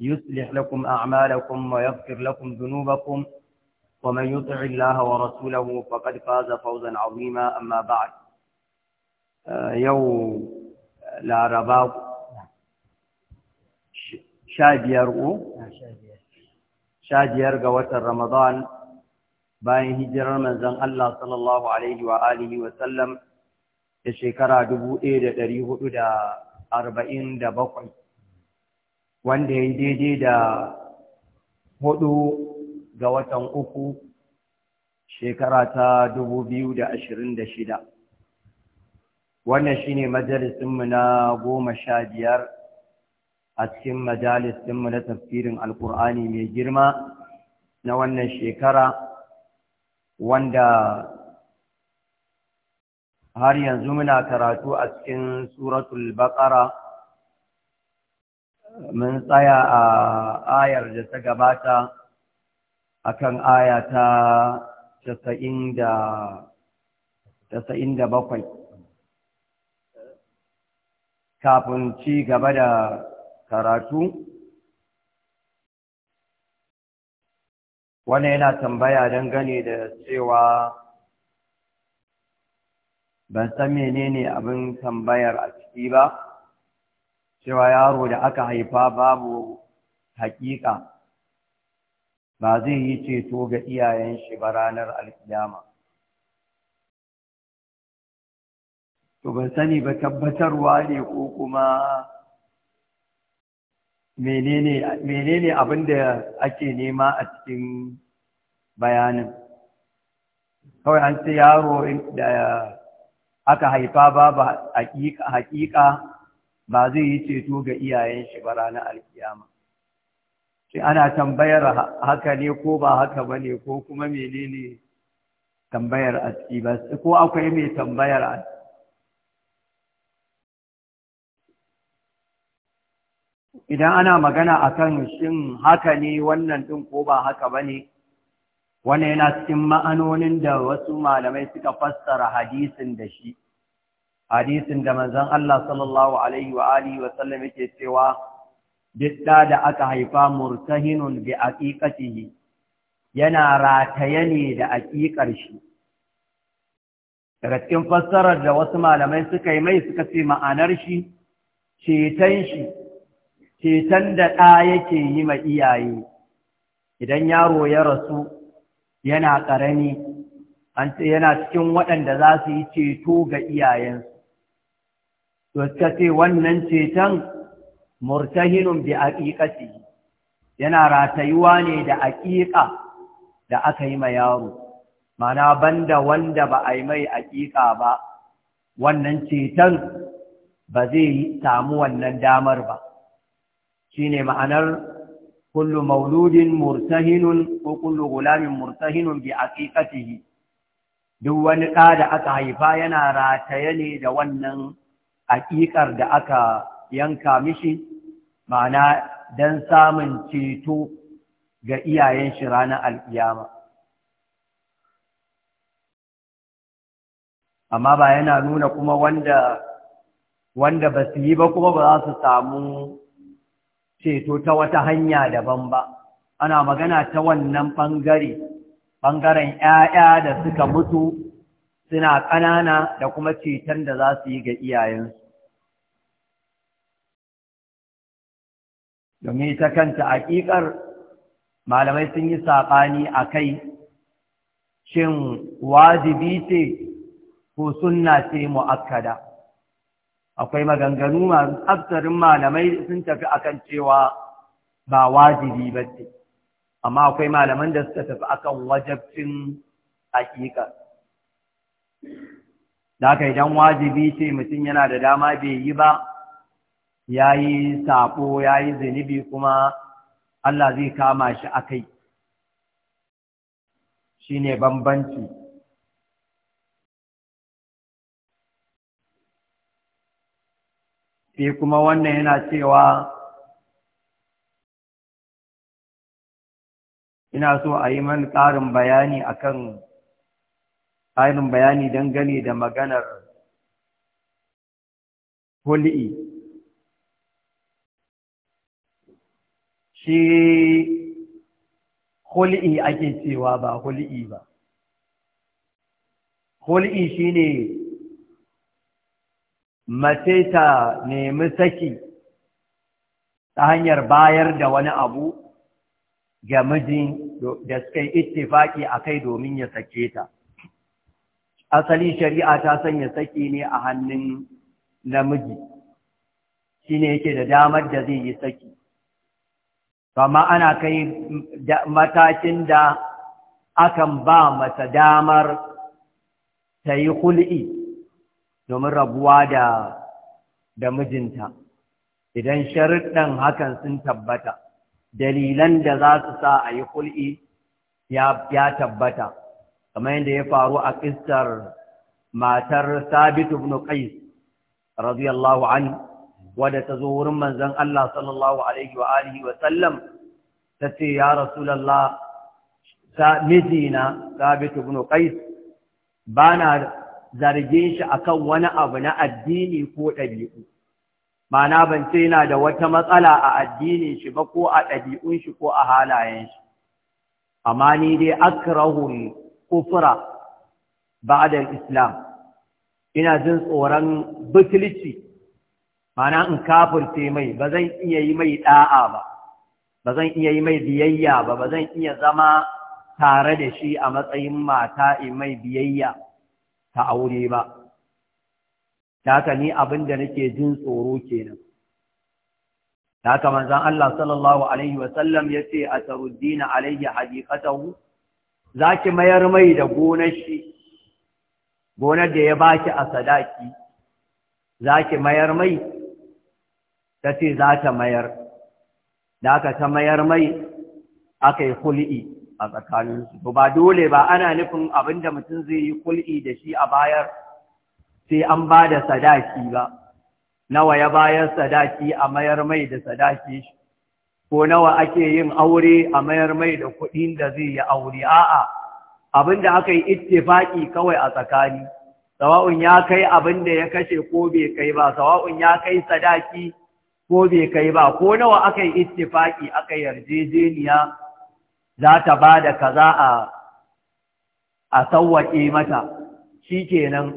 يصلح لكم أعمالكم ويغفر لكم ذنوبكم ومن يطع الله ورسوله فقد فاز فوزا عظيما أما بعد آه، يوم العرباء شاد يرؤو شاد يرقى وتر رمضان باين هجر رمضان الله صلى الله عليه وآله وسلم الشيكرا دبو إيدة دريه إدى أربعين دبقي wanda ya yi daidai da hudu ga watan uku shekara ta dubu biyu da ashirin da shida wannan shi shine majalisinmu na goma sha biyar a cikin majalisinmu na tafsirin alkur'ani mai girma na wannan shekara wanda har yanzu muna karatu a cikin suratul baqara Mun tsaya a ayar da ta gabata akan aya ta 97 kafin ci gaba da karatu wannan yana tambaya dangane da cewa ban san menene abin tambayar a ciki ba cewa yaro da aka haifa babu hakika, ba zai yi ceto ga iyayen shi ba ranar alkiyama to ban sani ba tabbatarwa ne ko kuma menene abin da ake nema a cikin bayanin kawai an ce yaro da aka haifa babu hakika. ba zai yi ceto ga iyayen shi ba ranar alkiyama sai ana tambayar haka ne ko ba haka ba ne ko kuma menene tambayar a ciki ba ko akwai mai tambayar a idan ana magana a kan shin haka ne wannan din ko ba haka ba ne wannan yana cikin ma'anonin da wasu malamai suka fassara hadisin da shi hadisin da manzon Allah sallallahu alaihi wa alihi wa sallam yake cewa didda da aka haifa murtahinun bi aqiqatihi yana rataye ne da aqiqar shi daga cikin fassarar da wasu malamai suka yi mai suka ce ma'anar shi ceton shi ceton da ɗa yake yi ma iyaye idan yaro ya rasu yana ƙarami an ce yana cikin waɗanda za su yi ceto ga iyayensu to ce wannan ceton murtahinun bi aqiqati yana ratayuwa ne da aqiqa da aka yi ma yaro mana banda wanda ba a yi mai aƙiƙa ba wannan ceton ba zai samu wannan damar ba shine ma'anar kullu mauludin murtahinun ko kullu gulamin murtahinun bi aqiqatihi duk wani ɗa da aka haifa yana rataye ne da wannan Haƙiƙar da aka yanka mishi ma'ana don samun ceto ga iyayen shi ranar alƙiyama amma ba yana nuna kuma wanda wanda ba su yi ba kuma ba za su samu ceto ta wata hanya daban ba ana magana ta wannan ɓangare ɓangaren ‘ya'ya da suka mutu suna ƙanana da kuma ceton da za su yi ga iyayensu domin ta kanta aƙiƙar malamai sun yi saɓani a kai shin wajibi ce ko sunna ce mu'akkada akwai maganganu masu tsaftarin malamai sun tafi akan cewa ba wajibi ba ce amma akwai malaman da suka tafi akan wajabcin aƙiƙar da kai idan wajibi ce mutum yana da dama bai yi ba ya yi saƙo ya yi zunubi kuma Allah zai kama shi a kai shi ne bambanci sai kuma wannan yana cewa ina so a yi man ƙarin bayani akan ainihin bayani dangane da maganar hul'i shi hul'i ake cewa ba hul'i ba hul'i shi ne mace ta nemi saki ta hanyar bayar da wani abu ga mijin da suka yi ittifaki a kai domin ya sake ta asali shari'a ta sanya saki ne a hannun namiji shi ne yake da damar da zai yi saki amma ana kai matakin da akan ba mata damar ta yi hul'i domin rabuwa da da mijinta idan sharuɗin hakan sun tabbata dalilan da za su sa a yi hul'i ya tabbata kamar yadda ya faru a ƙistar matar sabitu ibn Qais radiyallahu anhu wadda ta zo wurin manzon Allah sallallahu alaihi wa alihi wa sallam ya rasulullah ta mijina sabitu ibn Qais bana zarge shi akan wani abu na addini ko ɗabi'u ma'ana ban ce yana da wata matsala a addinin shi ba ko a ɗabi'un shi ko a halayen shi amma ni dai akrahu Kofura ba'da islam ina jin tsoron butulci mana in kafirce mai ba zan iya yi mai ɗa'a ba ba zan iya yi mai biyayya ba ba zan iya zama tare da shi a matsayin mata in mai biyayya ta aure ba haka ni abin da nake jin tsoro kenan haka manzon Allah sallallahu alaihi wasallam yace ataruddina alayya hadiqatahu za ki mayar mai da gonar shi gonar da ya baki a sadaki za ki mayar mai ta ce za ta mayar da aka ta mayar mai aka yi kul'i a tsakaninsu ba dole ba ana nufin abinda mutum zai yi kul'i da shi a bayar sai an ba da sadaki ba nawa ya bayar sadaki a mayar mai da sadaki shi ko nawa ake yin aure a mayar mai da kuɗin da zai yi aure a'a abin da aka yi ittifaki kawai a tsakani sawa'un ya kai abin da ya kashe ko bai kai ba sawa'un ya kai sadaki ko bai kai ba ko nawa aka yi ittifaki aka yarjejeniya za ta ba da kaza a a sawwaƙe mata shikenan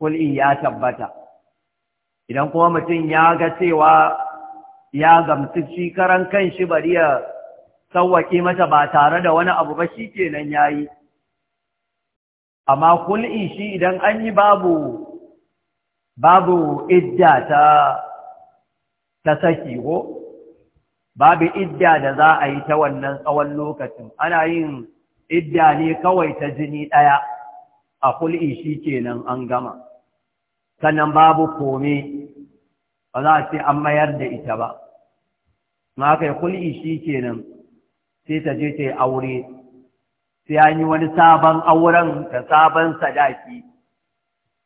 kul'i ya tabbata idan kuma mutum ya ga cewa ya gamsu shi karan kan shi bari ya sauwaƙe mata ba tare da wani abu ba shi kenan ya yi amma kul'i shi idan an yi babu babu idda ta ta saki ko babu idda da za a yi ta wannan tsawon lokacin ana yin idda ne kawai ta jini ɗaya a kul'i shi kenan an gama sannan babu kome ba za a ce an mayar da ita ba na kai kulli shi kenan sai ta je ta yi aure sai an yi wani sabon auren da sabon sadaki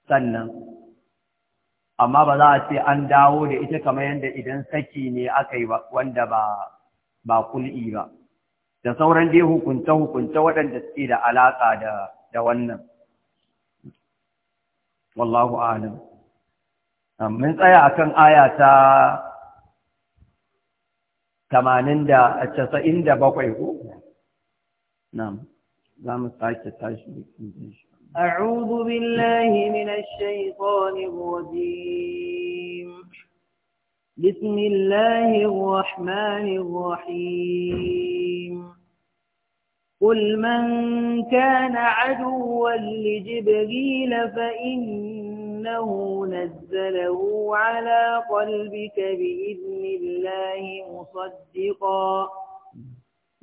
sannan amma ba za a ce an dawo da ita kamar yadda idan saki ne aka yi wanda ba ba kul'i ba da sauran dai hukunta hukunta waɗanda suke da alaƙa da wannan wallahu alam mun tsaya akan aya ta tamanin da casa'in ko? Nam, za sake tashi أعوذ بالله من الشيطان الرجيم بسم الله الرحمن الرحيم قل من كان عدوا لجبريل فإن إنه نزله على قلبك بإذن الله مصدقا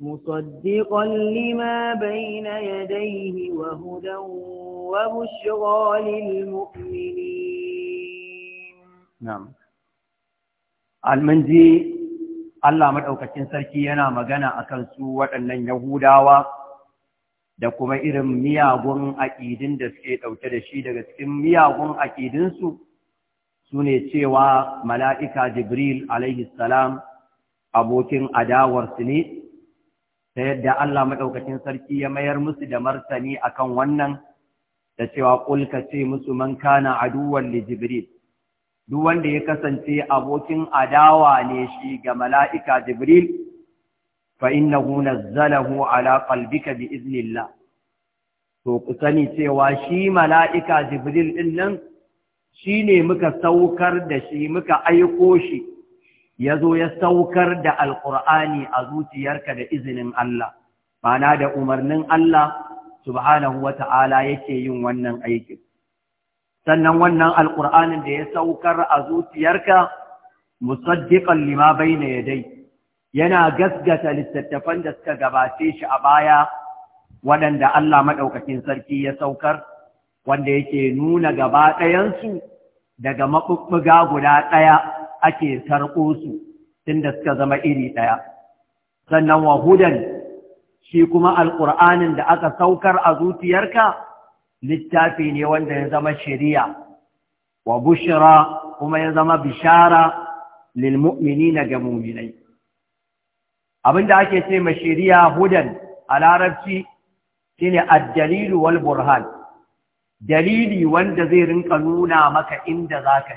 مصدقا لما بين يديه وهدى وبشرى للمؤمنين نعم المنجي Allah maɗaukacin sarki yana magana a kan su waɗannan Yahudawa da kuma irin miyagun aƙidin da suke ɗauke da shi daga cikin miyagun aƙidinsu su ne cewa mala'ika Jibril salam abokin adawarsu ne, ta yadda Allah maɗaukacin sarki ya mayar musu da martani akan wannan da cewa ƙulka ce musu man kana aduwan li Jibril. Duk wanda ya kasance abokin adawa ne shi ga mala'ika Jibril, فإنه نزله على قلبك بإذن الله to ku sani cewa shi mala'ika jibril ɗinnan nan shi ne muka saukar da shi muka aiko shi ya zo ya saukar da alƙur'ani a zuciyarka da izinin Allah mana da umarnin Allah subhanahu wa ta'ala yake yin wannan aikin sannan wannan alƙur'anin da ya saukar a zuciyarka musaddiƙan lima bai na dai. yana gasgata littattafan da suka gabace shi a baya waɗanda Allah maɗaukakin sarki ya saukar wanda yake nuna gaba ɗayansu daga maɓuɓɓuga guda ɗaya ake karɓo su tunda suka zama iri ɗaya sannan wahudan shi kuma alƙur'anin da aka saukar a zuciyarka littafi ne wanda ya zama shari'a wa bushra kuma ya zama bishara lil mu'minina ga mu'minai abinda ake ce ma shari'a hudan a larabci shine ad dalilu wal burhan dalili wanda zai rinka nuna maka inda zaka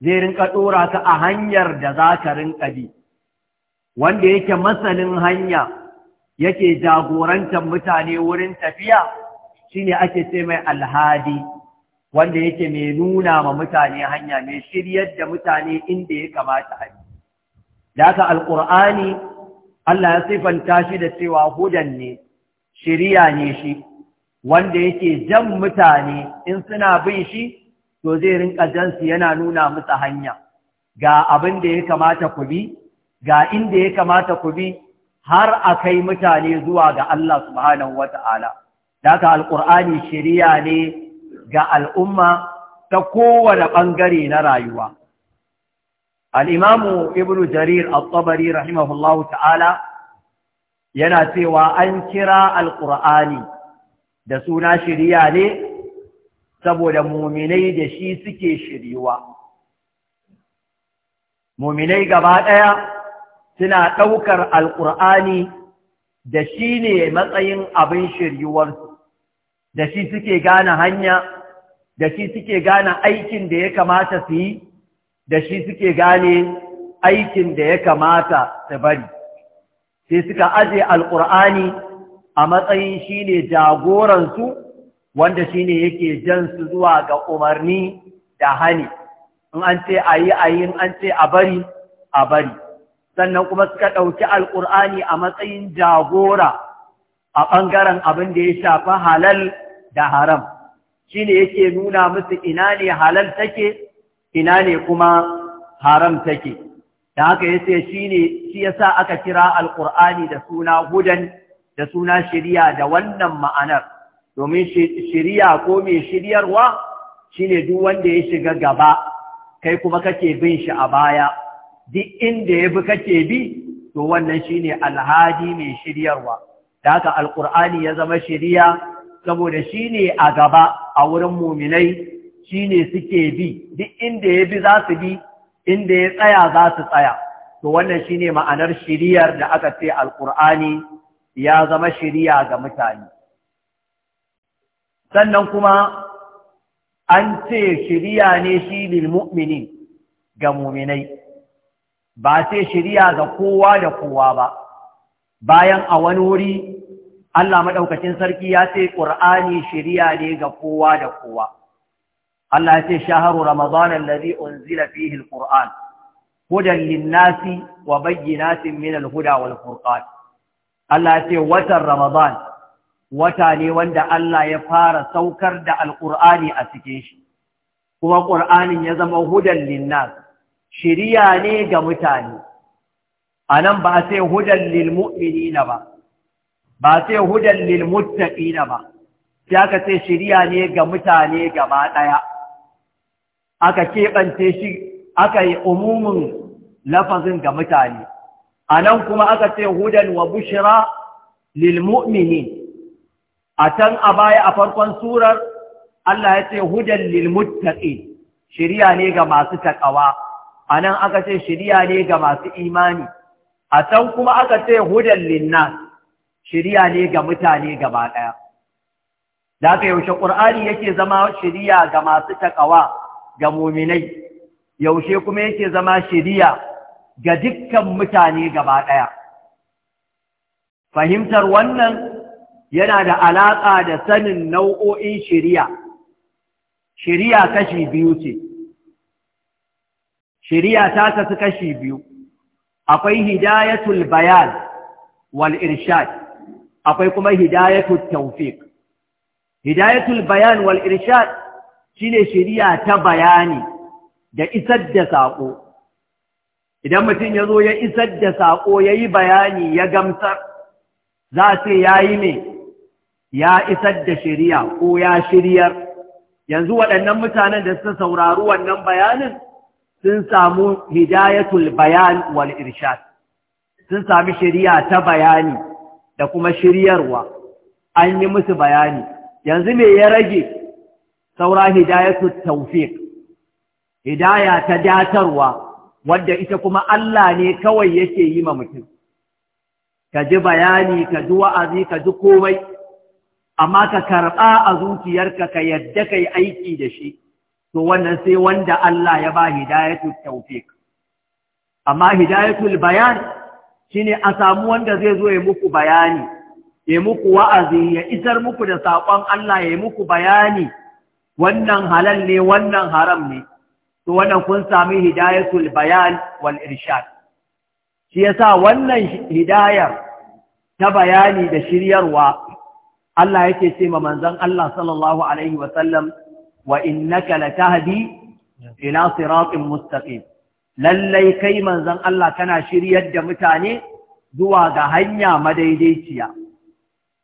bi zai rinka dora ka a hanyar da zaka rinka bi wanda yake masanin hanya yake jagorantar mutane wurin tafiya shine ake ce mai alhadi wanda yake mai nuna ma mutane hanya mai shiryar da mutane inda ya kamata a da haka alqur'ani Allah ya sifanta shi da cewa hudan ne ne shi wanda yake jan mutane in suna bin shi to zai rinka jansu yana nuna musu hanya ga abin da ya kamata ku bi ga inda ya kamata ku bi har a kai mutane zuwa ga Allah subhanahu wata'ala haka alƙur'ani shiriya ne ga al'umma ta kowane ɓangare na rayuwa al'imamu ibn jarir al-tabari rahimahullahu ta'ala yana cewa an kira alƙur'ani da suna shirya ne saboda muminai da shi suke shiryuwa muminai gaba ɗaya suna ɗaukar alƙur'ani da shi ne matsayin abin shiryuwarsu da shi suke gane hanya da shi suke gane aikin da ya kamata su yi da shi suke gane aikin da ya kamata su bari sai suka aje alƙur'ani a matsayin shi ne jagoransu wanda shi ne yake jan su zuwa ga umarni da hani in an ce a yi a yi an ce a bari a bari sannan kuma suka ɗauki alƙur'ani a matsayin jagora a ɓangaren abin da ya shafa halal da haram shi ne yake nuna musu ina ne halal take ina ne kuma haram take da haka ya shine shi yasa aka kira alqur'ani da suna gudan, da suna shiriya da wannan ma'anar domin shiriya ko mai shiryarwa shine duk wanda ya shiga gaba kai kuma kake bin shi a baya duk inda ya bi kake bi to wannan shine alhadi mai shiryarwa da haka alqur'ani ya zama shiriya saboda shine a gaba a wurin muminai shi ne suke bi duk inda ya bi za su bi inda ya tsaya za su tsaya to wannan shi ne ma'anar shiriyar da aka ce alƙur'ani ya zama shiriya ga mutane sannan kuma an ce shiriya ne shi lilmu'mini ga muminai ba ce shiriya ga kowa da kowa ba bayan a wani wuri Allah maɗaukacin sarki ya ce ƙur'ani shiriya ne ga kowa da kowa Allah ya ce shaharu ramadan alladhi unzila fihi alquran hudan linnasi wa bayyinatin min alhuda wal furqan Allah ya ce watan ramadan wata ne wanda Allah ya fara saukar da alqur'ani a cikin shi kuma qur'anin ya zama hudan linnas shiriya ne ga mutane anan ba sai hudan lil ba ba sai hudan lil ba sai ce shiriya ne ga mutane gaba daya aka keɓance shi aka yi umumin lafazin ga mutane a nan kuma aka ce hudan wa bushira lilmu'mini a can a baya a farkon surar Allah ya ce hudan lilmuttaƙi, Shirya ne ga masu taƙawa? a nan aka ce shirya ne ga masu imani a can kuma aka ce hudan linnas shirya ne ga mutane gaba ɗaya da aka yaushe ƙur'ani yake zama shirya ga masu taƙawa? ga muminai yaushe kuma yake zama shiriya ga dukkan mutane gaba ɗaya fahimtar wannan yana da alaƙa da sanin nau'o'in shiriya shiriya kashi biyu ce shiriya ta kasu kashi biyu akwai hidayatul bayan wal irshad akwai kuma hidayatul taufik hidayatul bayan wal irshad ne shari'a ta bayani da isar da saƙo idan mutum ya zo ya isar da saƙo ya yi bayani ya gamsar za a ce ya yi ne ya isar da shari'a ko ya shiryar yanzu waɗannan mutanen da suka saurari wannan bayanin sun samu hidayatul bayan wal irshad sun sami shari'a ta bayani da kuma shiryarwa an yi musu bayani yanzu me ya rage saura hidayatu tawfiq hidaya ta datarwa wanda ita kuma Allah ne kawai yake yi ma mutum ka ji bayani ka ji wa'azi ka ji komai amma ka karɓa a zuciyarka ka yadda kai aiki da shi to wannan sai wanda Allah ya ba hidayatul tawfiq amma hidayatul bayan shine a samu wanda zai zo ya muku bayani ya muku wa'azi ya isar muku da saƙon Allah ya muku bayani wannan halal ne wannan haram ne to wannan kun sami hidayatul bayan wal irshad shi yasa wannan hidayar ta bayani da shiryarwa Allah yake ce ma manzon Allah sallallahu alaihi wa sallam wa innaka latahdi ila siratin mustaqim lallai kai manzon Allah kana shiryar da mutane zuwa ga hanya madaidaiciya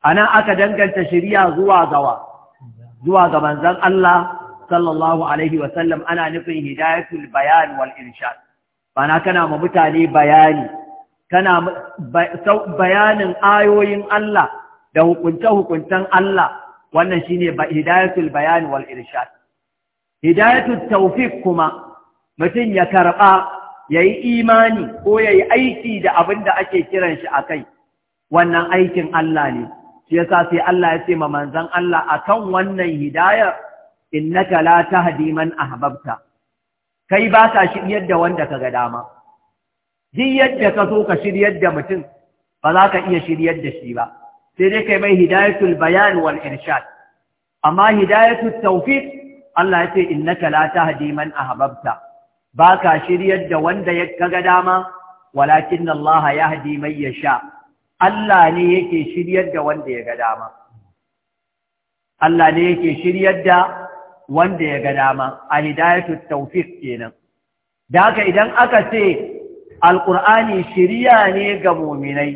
anan aka danganta shiriya zuwa gawa zuwa ga manzon Allah sallallahu alaihi wasallam ana nufin hidayatul bayan wal irshad bana kana ma mutane bayani kana bayanin ayoyin Allah da hukunce-hukuncen Allah wannan shine hidayatul bayan wal irshad hidayatul tawfiq kuma mutum ya ya yayi imani ko yayi aiki da abin da ake kiran shi a kai. wannan aikin Allah ne shi yasa sai Allah ya ce ma manzon Allah akan wannan hidayar innaka la tahdi man ahbabta kai ba ka shiryar da wanda ka ga dama duk yadda ka so ka shiryar da mutum ba za ka iya shiryar da shi ba sai dai kai mai hidayatul bayan wal irshad amma hidayatul tawfiq Allah ya ce innaka la tahdi man ahbabta ba ka shiryar da wanda ya ga dama walakin Allah yahdi man yasha Allah ne yake shiryar da wanda ya ga dama Allah ne yake shiryar da wanda ya ga dama a hidayatu tawfiq kenan da haka idan aka ce Al’ur'ani shirya ne ga mu'minai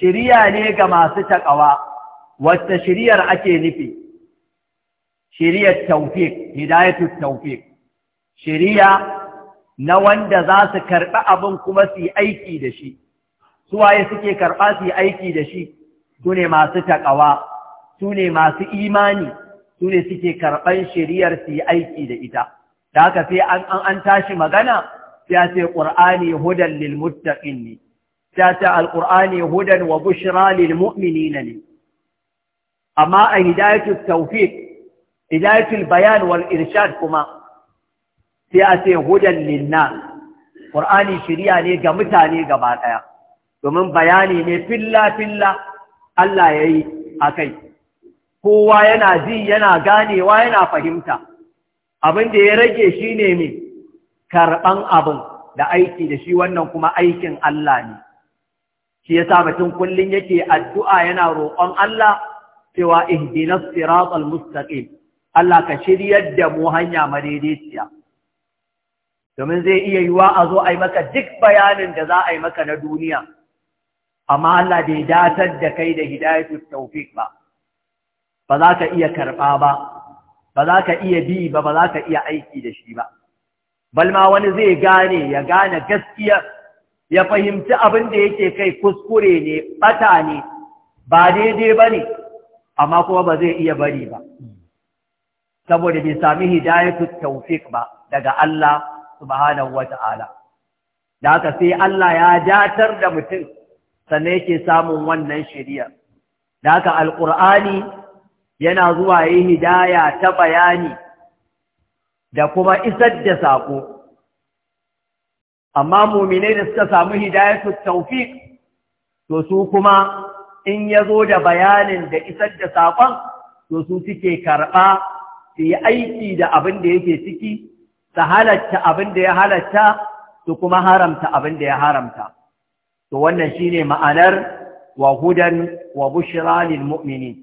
shirya ne ga masu taƙawa, wata shiryar ake nufi shiryar taufiq hidayatu taufik shirya na wanda za su karɓi abin kuma su yi aiki da shi suwaye suke karɓa su yi aiki da shi su ne masu taƙawa su ne masu imani su ne suke karɓan shiriyar su yi aiki da ita da haka sai an an tashi magana sai a ce ƙur'ani hudan lil muttaqin ne sai a ce alƙur'ani hudan wa bushra lil mu'minina ne amma a hidayatul tawfiq hidayatul bayan wal irshad kuma sai a ce hudan linna ƙur'ani shiriya ne ga mutane gaba ɗaya domin bayani ne filla-filla Allah ya yi a kai. Kowa yana ji yana ganewa yana fahimta, abin da ya rage shi ne mai karɓan abin da aiki da shi wannan kuma aikin Allah ne. Shi ya sa mutum kullum yake addu'a yana roƙon Allah cewa ihdinas siratal mustaqim Allah ka shiryar da mu hanya madaidaiciya. Domin zai iya yiwa a zo a yi maka duk bayanin da za a yi maka na duniya. amma Allah bai datar da kai da hidayatu tawfiq ba ba za ka iya karɓa ba ba za ka iya bi ba ba za ka iya aiki da shi ba balma wani zai gane ya gane gaskiya ya fahimci abin da yake kai kuskure ne bata ne ba daidai ba ne amma kuma ba zai iya bari ba saboda bai sami hidayatu tawfiq ba daga Allah subhanahu wata'ala da haka sai Allah ya datar da mutum sannan yake samun wannan shari'a da haka alqur'ani yana zuwa yi hidaya ta bayani da kuma isar da sako amma mu'minai da suka samu hidayatu tawfiq to su kuma in ya zo da bayanin da isar da sakon to su suke karba su yi aiki da abin da yake ciki su halatta abin da ya halatta su kuma haramta abin da ya haramta to wannan shine ma'anar wa hudan wa bushra lil mu'minin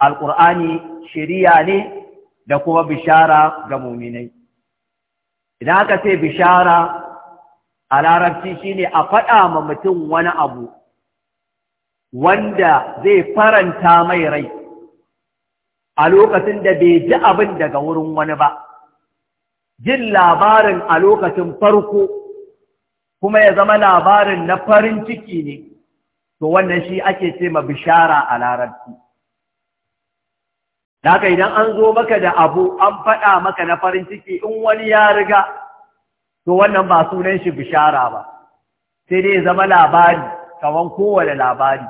alqur'ani shiriya ne da kuma bishara ga mu'minai idan aka ce bishara a larabci shine a faɗa ma mutum wani abu wanda zai faranta mai rai a lokacin da bai ji abin daga wurin wani ba jin labarin a lokacin farko kuma ya zama labarin na farin ciki ne to wannan shi ake ce ma bishara a larabci Naka idan an zo maka da abu an faɗa maka na farin ciki in wani ya riga to wannan ba sunan shi bishara ba sai dai zama labari kawan kowane labari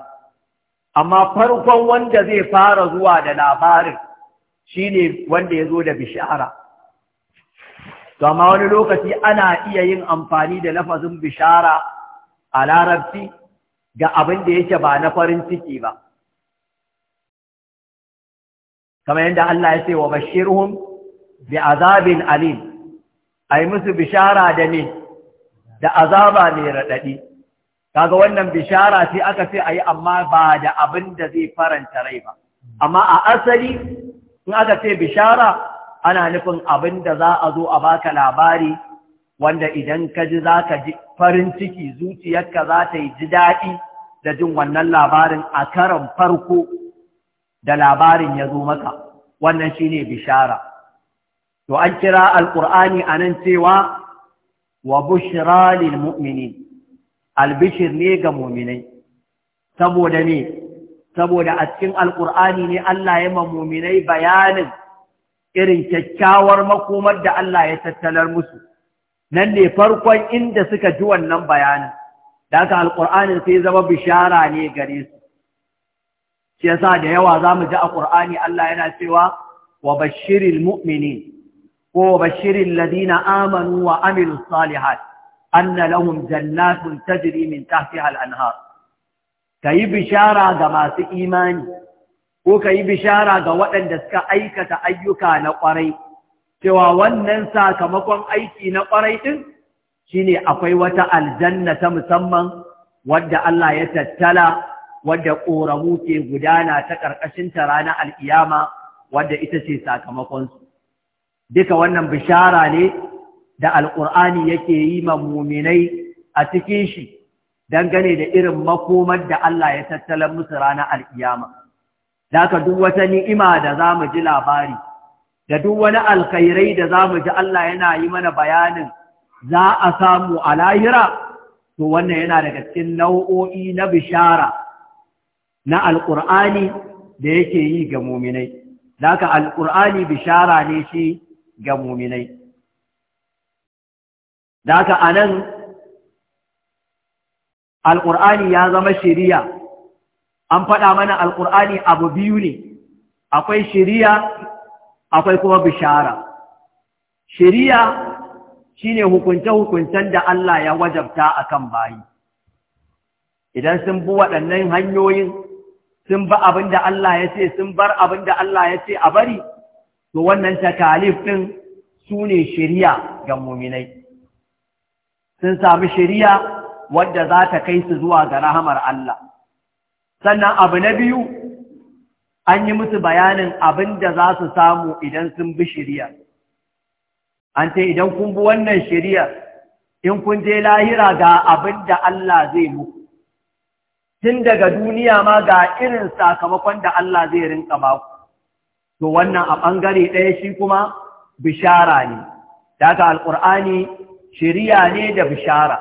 amma farkon wanda zai fara zuwa da labarin shine wanda ya zo da bishara to amma wani lokaci ana iya yin amfani da lafazin bishara a larabci ga abin da yake ba na farin ciki ba kamar yadda Allah ya ce wa bashirhum bi azabin alim ai musu bishara da ne da azaba ne raɗaɗi. kaga wannan bishara sai aka a yi amma ba da abin da zai faranta rai ba amma a asali in aka ce bishara ana nufin abin da za a zo a baka labari wanda idan ka ji za ka ji farin ciki zuciyarka za ta yi ji daɗi da jin wannan labarin a karon farko da labarin ya zo maka wannan shine bishara to an kira a nan cewa wa bushra lil albishir ne ga mu'minai saboda ne saboda a cikin alqur'ani ne Allah ya ma mu'minai bayanin irin kyakkyawar makomar da Allah ya tattalar musu nan ne farkon inda suka ji wannan bayanin da haka alƙur'anin sai zama bishara ne gare su shi yasa da yawa za mu ji a ƙur'ani Allah yana cewa wa bashirin mu'minin ko wa bashirin ladina amanu wa amilu salihat anna lahum jannatun tajri min tahtiha kayi bishara ga masu imani ko ka yi bishara ga waɗanda suka aikata ayyuka na ƙwarai cewa wannan sakamakon aiki na ƙwarai ɗin shine akwai wata aljanna ta musamman wadda Allah ya tattala wadda ƙoramu ke gudana ta ƙarƙashinta ranar al'iyama wadda ita ce sakamakonsu. Duka wannan bishara ne da Alƙur'ani yake yi ma muminai a cikin shi dangane da irin makomar da Allah ya tattalar musu ranar al'iyama. da duk wata ni'ima da za mu ji labari da duk wani alkhairai da za mu ji Allah yana yi mana bayanin za a samu a lahira to wannan yana daga cikin nau'o'i na bishara na alƙur'ani da yake yi ga muminai da alƙur'ani bishara ne shi ga muminai da a nan alƙur'ani ya zama shiriya an faɗa mana alƙur'ani abu biyu ne akwai shiriya akwai kuma bishara shiriya shine hukunce-hukuncen da Allah ya wajabta a kan bayi idan sun bi waɗannan hanyoyin sun ba abin da Allah ya ce sun bar abin da Allah ya ce a bari to wannan takalif ɗin su ne shiriya ga muminai sun sami shiriya wadda za ta kai su zuwa ga rahamar Allah sannan abu na biyu an yi musu bayanin abin da za su samu idan sun bi shirya an ce idan kun bi wannan shirya in kun je lahira ga abin da Allah zai muku tun daga duniya ma ga irin sakamakon da Allah zai rinka ku to wannan a ɓangare ɗaya shi kuma bishara ne daga alƙur'ani shirya ne da bishara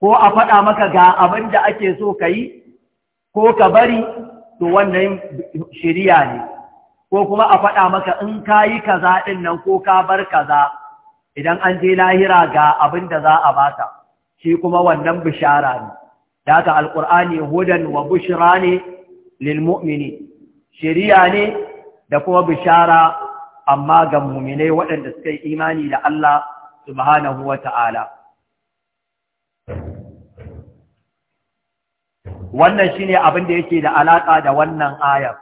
ko a faɗa maka ga abin da ake so ka yi ko ka bari to wannan shiriya ne ko kuma a faɗa maka in ka yi kaza ɗin nan ko ka bar kaza idan an je lahira ga abin da za a bata shi kuma wannan bishara ne da haka alƙur'ani hudan wa bushira ne lil mu'mini shiriya ne da kuma bishara amma ga mu'minai waɗanda suka yi imani da Allah subhanahu wa ta'ala wannan shine abin da yake da alaƙa da wannan ayar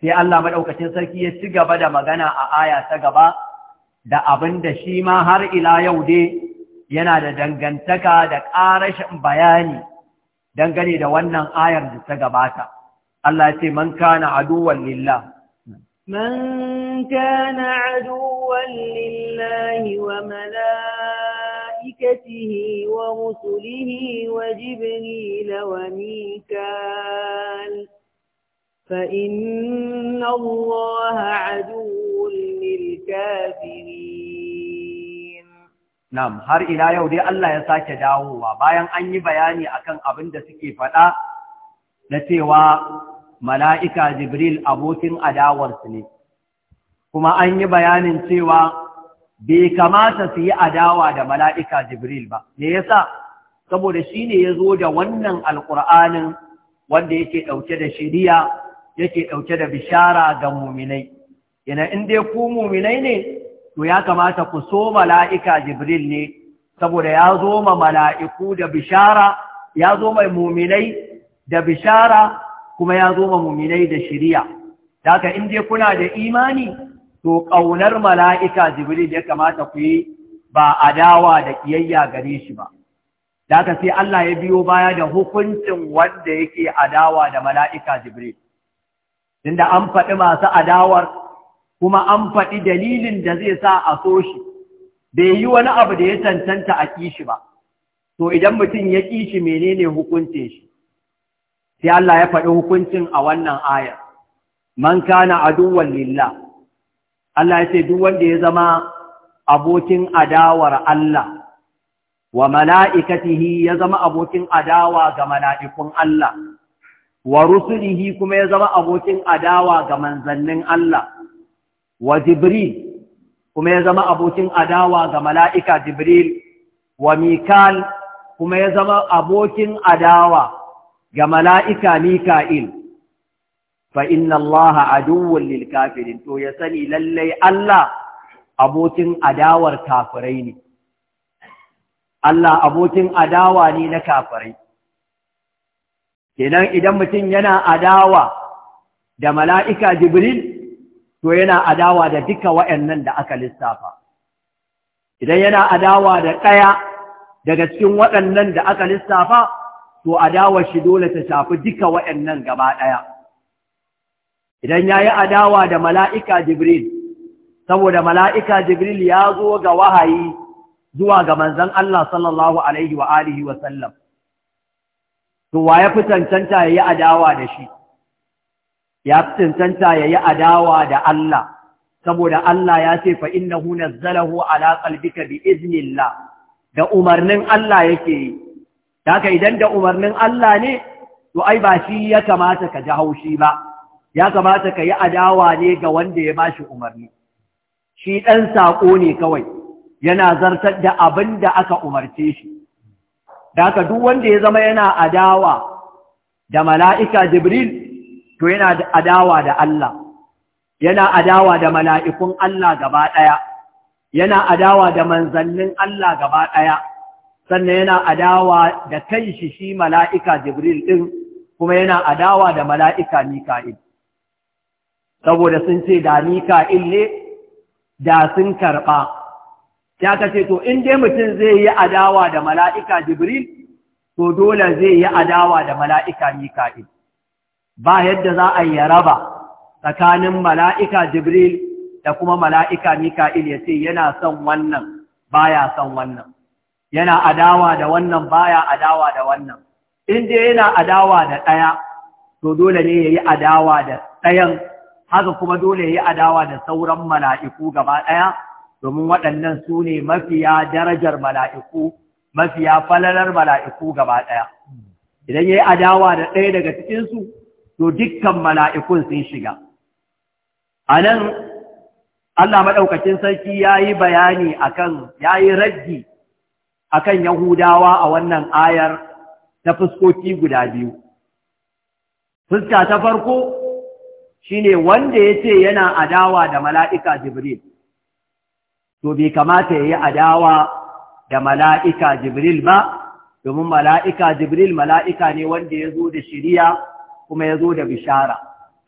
sai Allah maɗaukacin sarki ya ci gaba da magana a aya ta gaba da abin da shi ma har ila yau dai yana da dangantaka da ƙarashin bayani dangane da wannan ayar da ta gabata Allah ya ce man kana aduwan lillah man kana aduwan lillahi wa malaa وملائكته ورسله وجبريل وميكال فإن الله عدو للكافرين نعم har ila yau dai Allah ya sake dawowa bayan an yi bayani akan abin da suke faɗa na cewa mala'ika Jibril abokin adawarsu ne kuma an yi bayanin cewa bai kamata su yi adawa da mala'ika Jibril ba, me yasa saboda shi ne ya zo da wannan alƙur'anin wanda yake ɗauke da shiriya yake ɗauke da bishara ga muminai. Yana in dai ku muminai ne, to ya kamata ku so mala'ika Jibril ne, saboda ya zo ma mala'iku da bishara, ya zo mai muminai da bishara kuma ya zo ma muminai da shiriya. Da haka in je kuna da imani, to ƙaunar mala'ika Jibril ya kamata ku yi ba adawa da ƙiyayya gare shi ba. Da aka sai Allah ya biyo baya da hukuncin wanda yake adawa da mala'ika Jibril. Inda an faɗi masu adawar kuma an faɗi dalilin da zai sa a so shi, bai yi wani abu da ya cancanta a kishi ba. To idan mutum ya ƙishi menene hukuncin shi, sai Allah ya faɗi hukuncin a wannan ayar. Man kana aduwan lillah Allah ya ce duk wanda ya zama abokin adawar Allah wa mala'ikatihi ya zama abokin adawa ga mala'ikun Allah wa rusulihi kuma ya zama abokin adawa ga manzannin Allah wa Jibril kuma ya zama abokin adawa ga mala'ika Jibril wa Mikal kuma ya zama abokin adawa ga mala'ika Mika'il fa inna allaha aduwwun lil kafirin to ya sani lallai Allah abokin adawar kafirai ne Allah abokin adawa ne na kafirai kenan idan mutum yana adawa da mala'ika jibril to yana adawa da duka waɗannan da aka lissafa idan yana adawa da ɗaya daga cikin waɗannan da aka lissafa to adawa shi dole ta shafi duka waɗannan gaba ɗaya idan ya yi adawa da mala'ika jibril saboda mala'ika jibril ya zo ga wahayi zuwa ga manzan Allah sallallahu Alaihi wa alihi wasallam to wa ya fi cancanta ya yi adawa da shi ya fi cancanta ya yi adawa da Allah saboda Allah ya ce fa innahu zalahu ala bika bi iznillah da umarnin Allah yake yi haka idan da umarnin Allah ne to ai ba shi ya kamata ka ji haushi ba ya kamata ka yi adawa ne ga wanda ya ba shi umarni shi ɗan saƙo ne kawai yana zartar da abin da aka umarce shi da aka duk wanda ya zama yana adawa da mala'ika jibril to yana adawa da Allah yana adawa da mala'ikun Allah gaba ɗaya yana adawa da manzannin Allah gaba ɗaya sannan yana adawa da shi, shi mala'ika jibril ɗin kuma yana adawa da mala'ika mika'il saboda sun ce da mika'il ne da sun karɓa ya ka to in dai mutum zai yi adawa da mala'ika jibril to dole zai yi adawa da mala'ika mika'il ba yadda za a yi raba tsakanin mala'ika jibril da kuma mala'ika mika'il ya ce yana son wannan baya son wannan yana adawa da wannan baya adawa da wannan in dai yana adawa da ɗaya to dole ne ya yi adawa da ɗayan haka kuma dole yi adawa da sauran mala'iku gaba ɗaya domin waɗannan su ne mafiya darajar mala'iku mafiya falalar mala'iku gaba ɗaya idan ya yi adawa da ɗaya daga cikinsu to dukkan mala'ikun sun shiga a nan allah maɗaukacin sarki ya yi bayani akan ya yi raggi akan yahudawa a wannan ayar ta fuskoki guda biyu fuska ta farko shine wanda ya ce yana adawa da mala'ika Jibril, to bai kamata ya yi adawa da mala'ika Jibril ba, domin mala'ika Jibril mala'ika ne wanda ya zo da shirya kuma ya zo da bishara,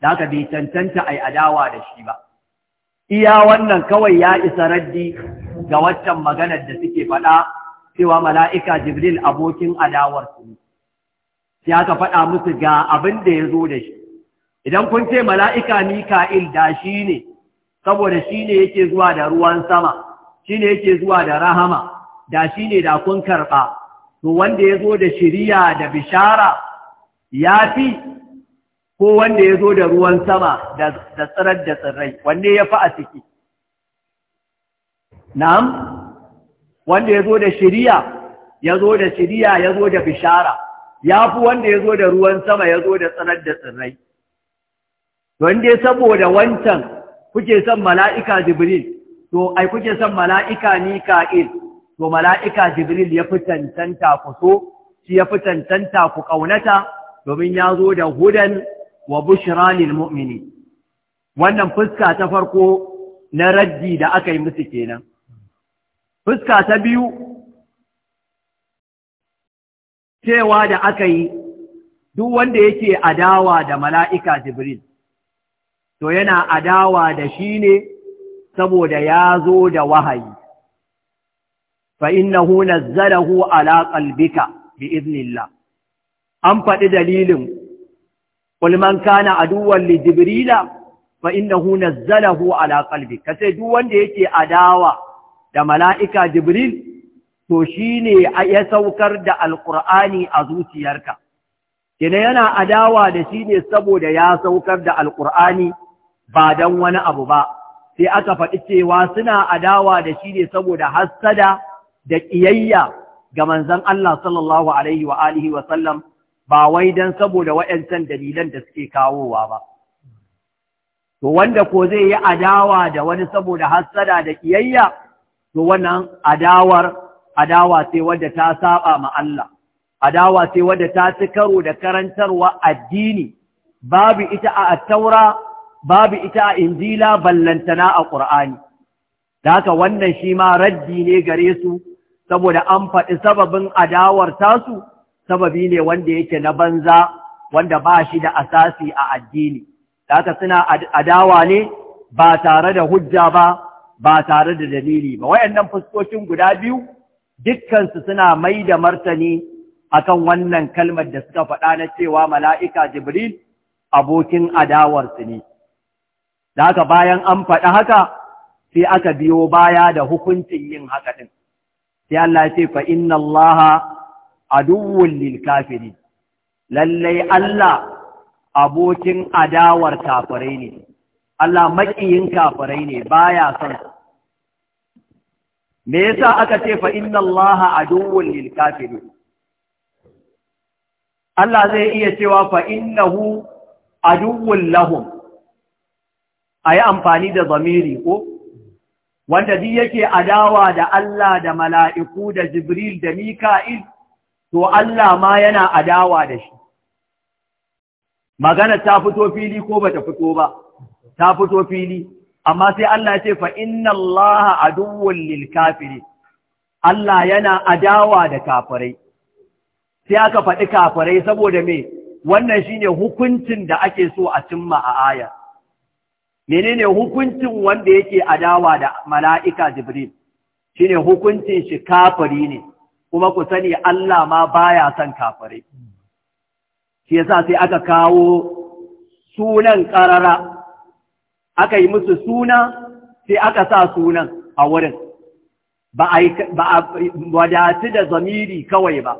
da aka bai cancanta a yi adawa da shi ba. Iya wannan kawai ya isa raddi ga waccan maganar da suke faɗa cewa mala'ika Jibril abokin adawarsu ne, sai aka faɗa musu ga abin da ya zo da shi. idan kun ce mala'ika mika'il da shi ne saboda shi ne yake zuwa da ruwan sama shi ne yake zuwa da rahama da shi ne da kun karɓa to wanda ya zo da shiriya da bishara ya fi ko wanda ya zo da ruwan sama da tsirar da tsirrai wanne ya fi a ciki na'am wanda ya zo da shiriya ya zo da shiriya ya zo da bishara ya fi wanda ya zo da ruwan sama ya zo da tsirar da tsirrai don saboda wancan kuke son mala'ika jibril to ai kuke son mala'ika Ni ka'il, to mala'ika jibril ya fi cancanta ku so shi ya fi cancanta ku ƙaunata domin ya zo da hudan wa bushiranin mu'mini wannan fuska ta farko na raddi da aka yi musu kenan fuska ta biyu cewa da aka yi duk wanda yake adawa da mala'ika jibril to yana adawa da shi ne saboda ya zo da wahayi fa innahu nazzalahu ala qalbika bi idnillah an faɗi dalilin ƙulman kana aduwwan li jibrila fa innahu nazzalahu ala qalbika sai duk wanda yake adawa da mala'ika jibril to shine ya saukar da Alƙur'ani a zuciyarka kina yana adawa da shi ne saboda ya saukar da alqur'ani ba don wani abu ba, sai aka faɗi cewa suna adawa da shi ne saboda hassada da ƙiyayya ga manzan Allah sallallahu Alaihi wa alihi wasallam ba wai don saboda wa’yancan dalilan da suke kawowa ba. To wanda ko zai yi adawa da wani saboda hassada da ƙiyayya, to wannan adawar adawa sai wadda ta saba ma Allah, adawa sai wadda ta ci karo da karantarwa addini, babu ita a taura. babu ita a injila ballantana a ƙur'ani da haka wannan shi ma raddi ne gare su saboda an faɗi sababin adawar tasu sababi ne wanda yake na banza wanda ba shi da asasi a addini da haka suna adawa ne ba tare da hujja ba ba tare da dalili ba wayannan fuskokin guda biyu dukkansu suna mai da martani akan wannan kalmar da suka faɗa na cewa mala'ika jibril abokin adawarsu ne da haka bayan an faɗi haka sai aka biyo baya da hukuncin yin haka ɗin sai Allah ce fa inna Allah aduwwun lil lallai Allah abokin adawar kafirai ne Allah maƙiyin kafirai ne baya son me yasa aka ce fa inna Allah aduwwun lil Allah zai iya cewa fa innahu aduwwun lahum a yi amfani da zamiri ko wanda duk yake adawa da Allah da mala'iku da Jibril da Mika'il to Allah ma yana adawa da shi magana ta fito fili ko bata fito ba ta fito fili amma sai Allah ce fa inna Allah aduwwul lil kafiri. Allah yana adawa da kafirai sai aka faɗi kafirai saboda me wannan shine hukuncin da ake so a cimma a aya menene hukuncin wanda yake adawa da mala'ika jibril ne hukuncin shi kafari ne kuma ku sani Allah ma baya son kafari. shi yasa sai aka kawo sunan ƙarara aka yi musu suna sai aka sa sunan a wurin ba a wadatu da zamiri kawai ba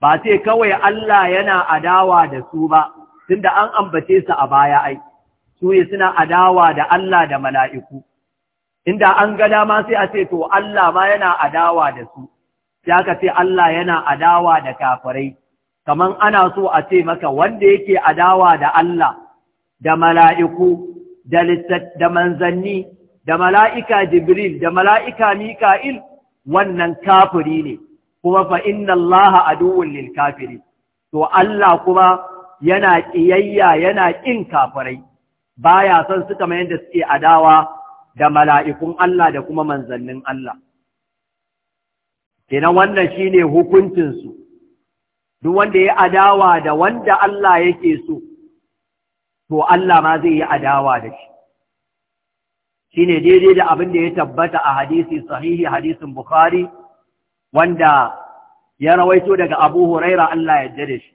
ba sai kawai Allah yana adawa da su ba tunda an ambace su a baya aiki. su suna adawa da Allah da mala'iku inda an ga dama sai a ce to Allah ma yana adawa da su sai aka ce Allah yana adawa da kafirai Kamar ana so a ce maka wanda yake adawa da Allah da mala'iku da manzanni da mala'ika Jibril da mala'ika Mika'il wannan kafiri ne kuma fa inna Allah aduwun lil kafiri to Allah kuma yana ƙiyayya yana ƙin kafirai baya son su kamar yadda suke adawa da mala'ikun Allah da kuma manzannin Allah kenan wannan shine hukuncinsu duk wanda ya adawa da wanda Allah yake so to Allah ma zai yi adawa da shi shine daidai da abin da ya tabbata a hadisi sahihi hadisin bukhari wanda ya rawaito daga abu huraira Allah ya da shi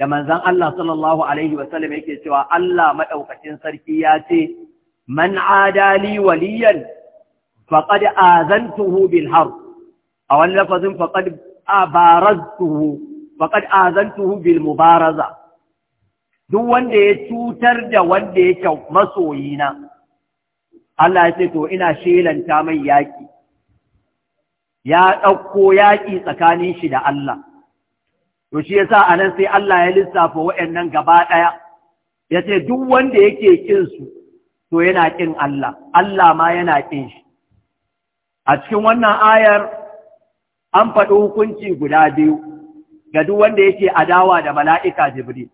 da manzan Allah sallallahu Alaihi wasallam yake cewa Allah maɗaukacin sarki ya ce, Man adali waliyan, faƙad azantuhu bil har, a wani lafazin faƙad abaraztuhu, faƙad azantuhu bil mubaraza. Duk wanda ya cutar da wanda ya kyau masoyina, Allah ya ce, To, ina shelanta mai yaƙi, ya ɗauko yaƙi tsakanin shi da Allah. To shi yasa a nan sai Allah ya lissafa waɗannan gaba ɗaya, ya ce duk wanda yake ƙin su, to yana ƙin Allah, Allah ma yana ƙin shi. A cikin wannan ayar an faɗi hukunci guda biyu ga duk wanda yake adawa da mala'ika Jibril.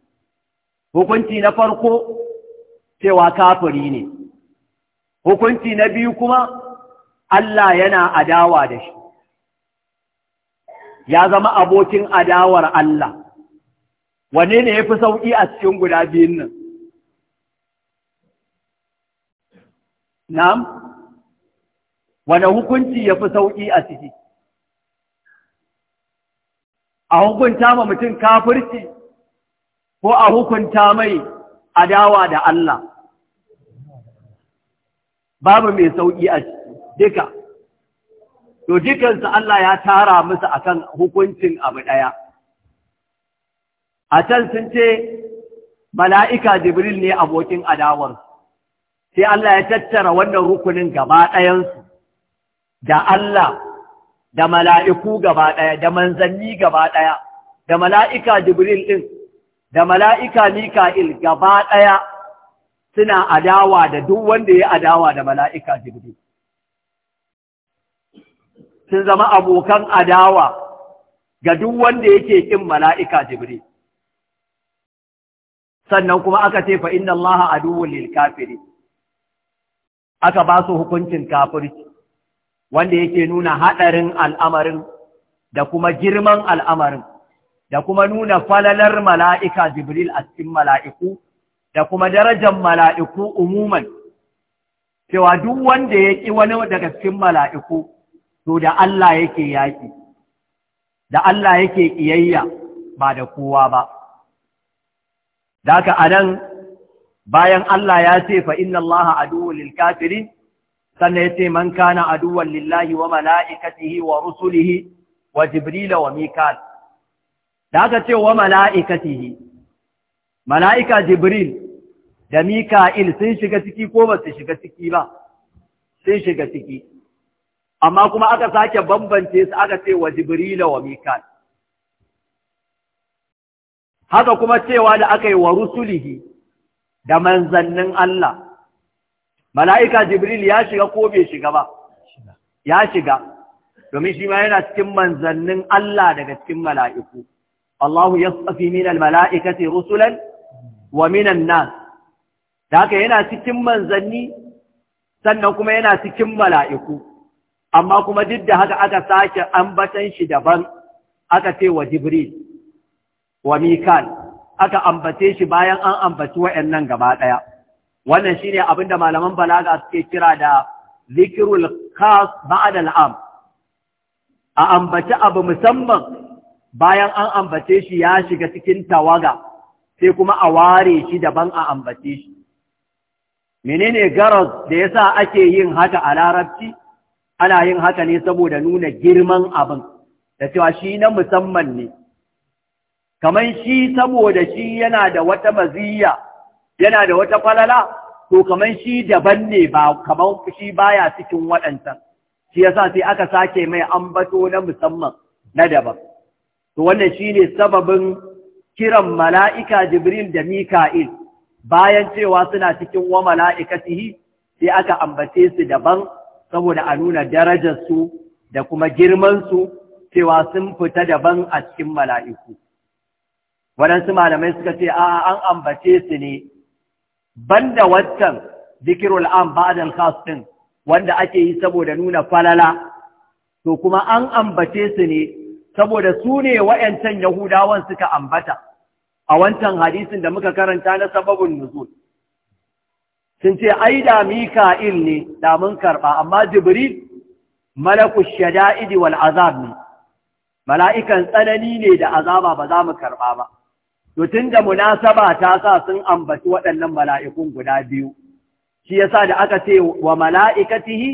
Hukunci na farko cewa kafuri ne, hukunci na biyu kuma Allah yana adawa da shi. ya zama abokin adawar Allah wane ne ya fi sauƙi a cikin guda biyun nan Nam, wane hukunci ya fi sauƙi a ciki a hukunta ma mutum kafirci ko a hukunta mai adawa da Allah babu mai sauƙi a ciki duka to dukansu Allah ya tara musu akan hukuncin abu ɗaya. A can sun ce, mala'ika Jibril ne abokin adawar, sai Allah ya tattara wannan rukunin gaba ɗayansu, da Allah, da mala'iku gaba ɗaya, da manzanni gaba ɗaya, da mala'ika Jibril ɗin, da mala'ika Mika'il gaba ɗaya suna adawa da duk wanda ya adawa da mala'ika Jibril. sun zama abokan adawa ga duk wanda yake kin mala'ika jibri Sannan kuma aka ce fa inna Allah duhun lil kafiri. Aka ba su hukuncin kafirci wanda yake nuna haɗarin al'amarin da kuma girman al'amarin da kuma nuna falalar mala'ika Jibril a cikin mala'iku da kuma darajar mala'iku umuman cewa duk wanda ya ƙi wani daga cikin mala'iku to da Allah yake yaƙi da Allah yake ƙiyayya ba da kowa ba da haka bayan Allah ya ce fa inna Allah aduwwul kafirin sannan ya ce man kana aduwwan lillahi wa mala'ikatihi wa rusulihi wa jibrila wa mikal da ce wa mala'ikatihi mala'ika jibril da mika'il sun shiga ciki ko ba su shiga ciki ba sun shiga ciki amma kuma aka sake bambance su aka ce wa jibrila wa mikal haka kuma cewa da aka yi wa rusulihi da manzannin Allah mala'ika jibril ya shiga ko bai shiga ba ya shiga domin shi ma yana cikin manzannin Allah daga cikin mala'iku Allahu ya min minal mala'ikati rusulan wa minan nas da haka yana cikin manzanni sannan kuma yana cikin mala'iku amma kuma duk da haka aka sake ambatan shi daban aka ce wa jibril wa mikal aka ambace shi bayan an ambaci wa'annan gaba ɗaya wannan shine abin da malaman balaga suke kira da zikirul khas ba'da al'am a ambaci abu musamman bayan an ambace shi ya shiga cikin tawaga sai kuma a ware shi daban a ambace shi menene garaz da yasa ake yin haka a larabci ana yin haka ne saboda nuna girman abin da cewa shi na musamman ne kamar shi saboda shi yana da wata maziya yana da wata falala to kamar shi daban ne ba kamar shi baya cikin waɗancan shi yasa sai aka sake mai ambato na musamman na daban to wannan shine sababin kiran mala'ika Jibril da Mika'il bayan cewa suna cikin wa mala'ikatihi sai aka ambace su daban saboda a nuna darajarsu da kuma girmansu cewa sun fita daban a cikin mala'iku. Waɗansu malamai suka ce, a'a an ambace su ne, banda waccan zikirul an ba'adal ɗin wanda ake yi saboda nuna falala, to kuma an ambace su ne saboda su ne wa'yancan Yahudawan suka ambata a wancan hadisin da muka karanta na sababin nuzul. sun ce ai da mika'il ne da mun karɓa amma jibril malaku shada'idi wal azab ne mala'ikan tsanani ne da azaba ba za mu karɓa ba to da munasaba ta sa sun ambaci waɗannan mala'ikun guda biyu shi yasa da aka ce wa mala'ikatihi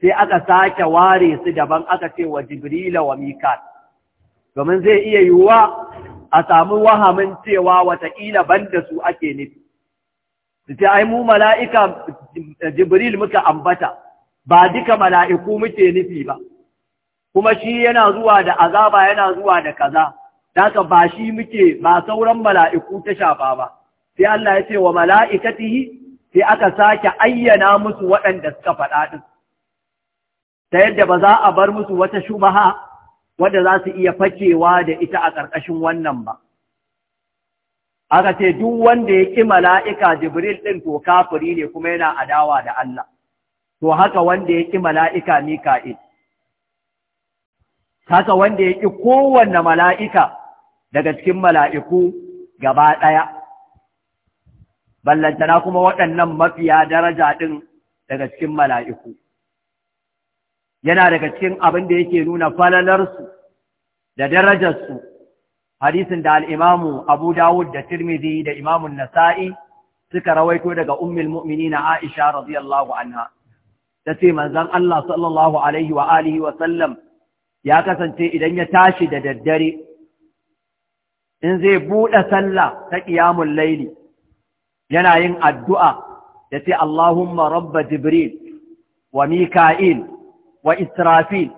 sai aka sake ware su daban aka ce wa jibrila wa mika'il domin zai iya yiwuwa a samu wahamin cewa wataƙila ban su ake nufi ce ai mu mala'ika jibril muka ambata ba duka mala'iku muke nufi ba kuma shi yana zuwa da azaba yana zuwa da kaza daga ba shi muke ba sauran mala'iku ta shafa ba sai Allah ya ce wa mala'ikatihi sai aka sake ayyana musu waɗanda suka faɗa ɗin ta yadda ba za a bar musu wata shubaha wadda za su iya fakewa da ita a ƙarƙashin wannan ba aka ce duk wanda ya ƙi mala'ika jibril ɗin to kafiri ne kuma yana adawa da Allah to haka wanda ya ƙi mala'ika mika'il haka wanda ya ƙi kowanne mala'ika daga cikin mala'iku gaba ɗaya ballantana kuma waɗannan mafiya daraja ɗin daga cikin mala'iku yana daga cikin abin da yake nuna falalarsu da darajarsu hadisin da al'imamu abu dawud da tirmidhi da imamun nasa'i suka rawaito daga ummul na aisha radiyallahu anha ta ce manzon Allah sallallahu alaihi wa alihi ya kasance idan ya tashi da daddare in zai buɗe sallah ta ƙiyamun laili yana yin addu'a da ce Allahumma rabba jibril wa mika'il wa israfil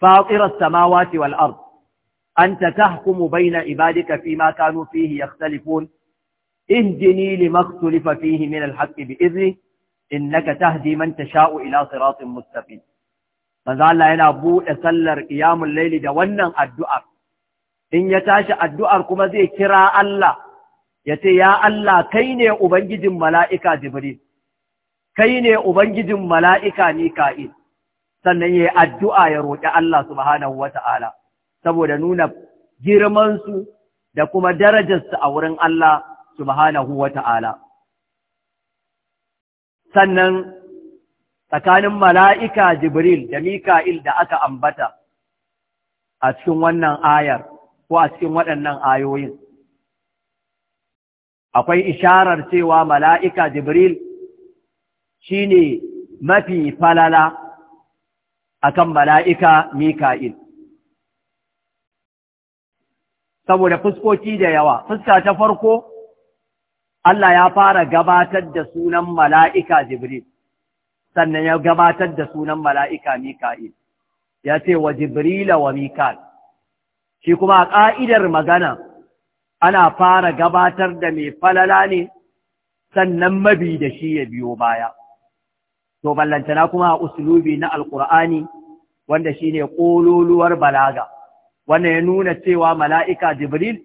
fatirar samawati wal ard أنت تحكم بين عبادك فيما كانوا فيه يختلفون اهدني لما اختلف فيه من الحق بإذنه إنك تهدي من تشاء إلى صراط مستقيم manzo Allah yana buɗe sallar iyamun laili da wannan addu'ar in ya tashi addu'ar kuma zai kira Allah ya ce ya Allah kai ne ubangijin mala'ika Jibril kai ne ubangijin mala'ika Mika'il sannan yayi addu'a ya roƙi Allah subhanahu wata'ala saboda nuna girman su da kuma darajarsu a wurin Allah subhanahu wa ta'ala. Sannan tsakanin mala'ika Jibril da Mika'il da aka ambata a cikin wannan ayar ko a cikin waɗannan ayoyin. Akwai isharar cewa mala'ika Jibril shi ne mafi falala akan mala'ika Mika'il. saboda fuskoki da yawa fuska ta farko Allah ya fara gabatar da sunan mala'ika Jibril sannan ya gabatar da sunan mala'ika Mika'il ya ce wa Jibrila wa Mika'il shi kuma ƙa'idar magana ana fara gabatar da mai falala ne sannan mabi da shi ya biyo baya to ballantana kuma a usulubi na alƙur'ani wanda shi ne ƙololuwar balaga wanda ya nuna cewa mala'ika Jibril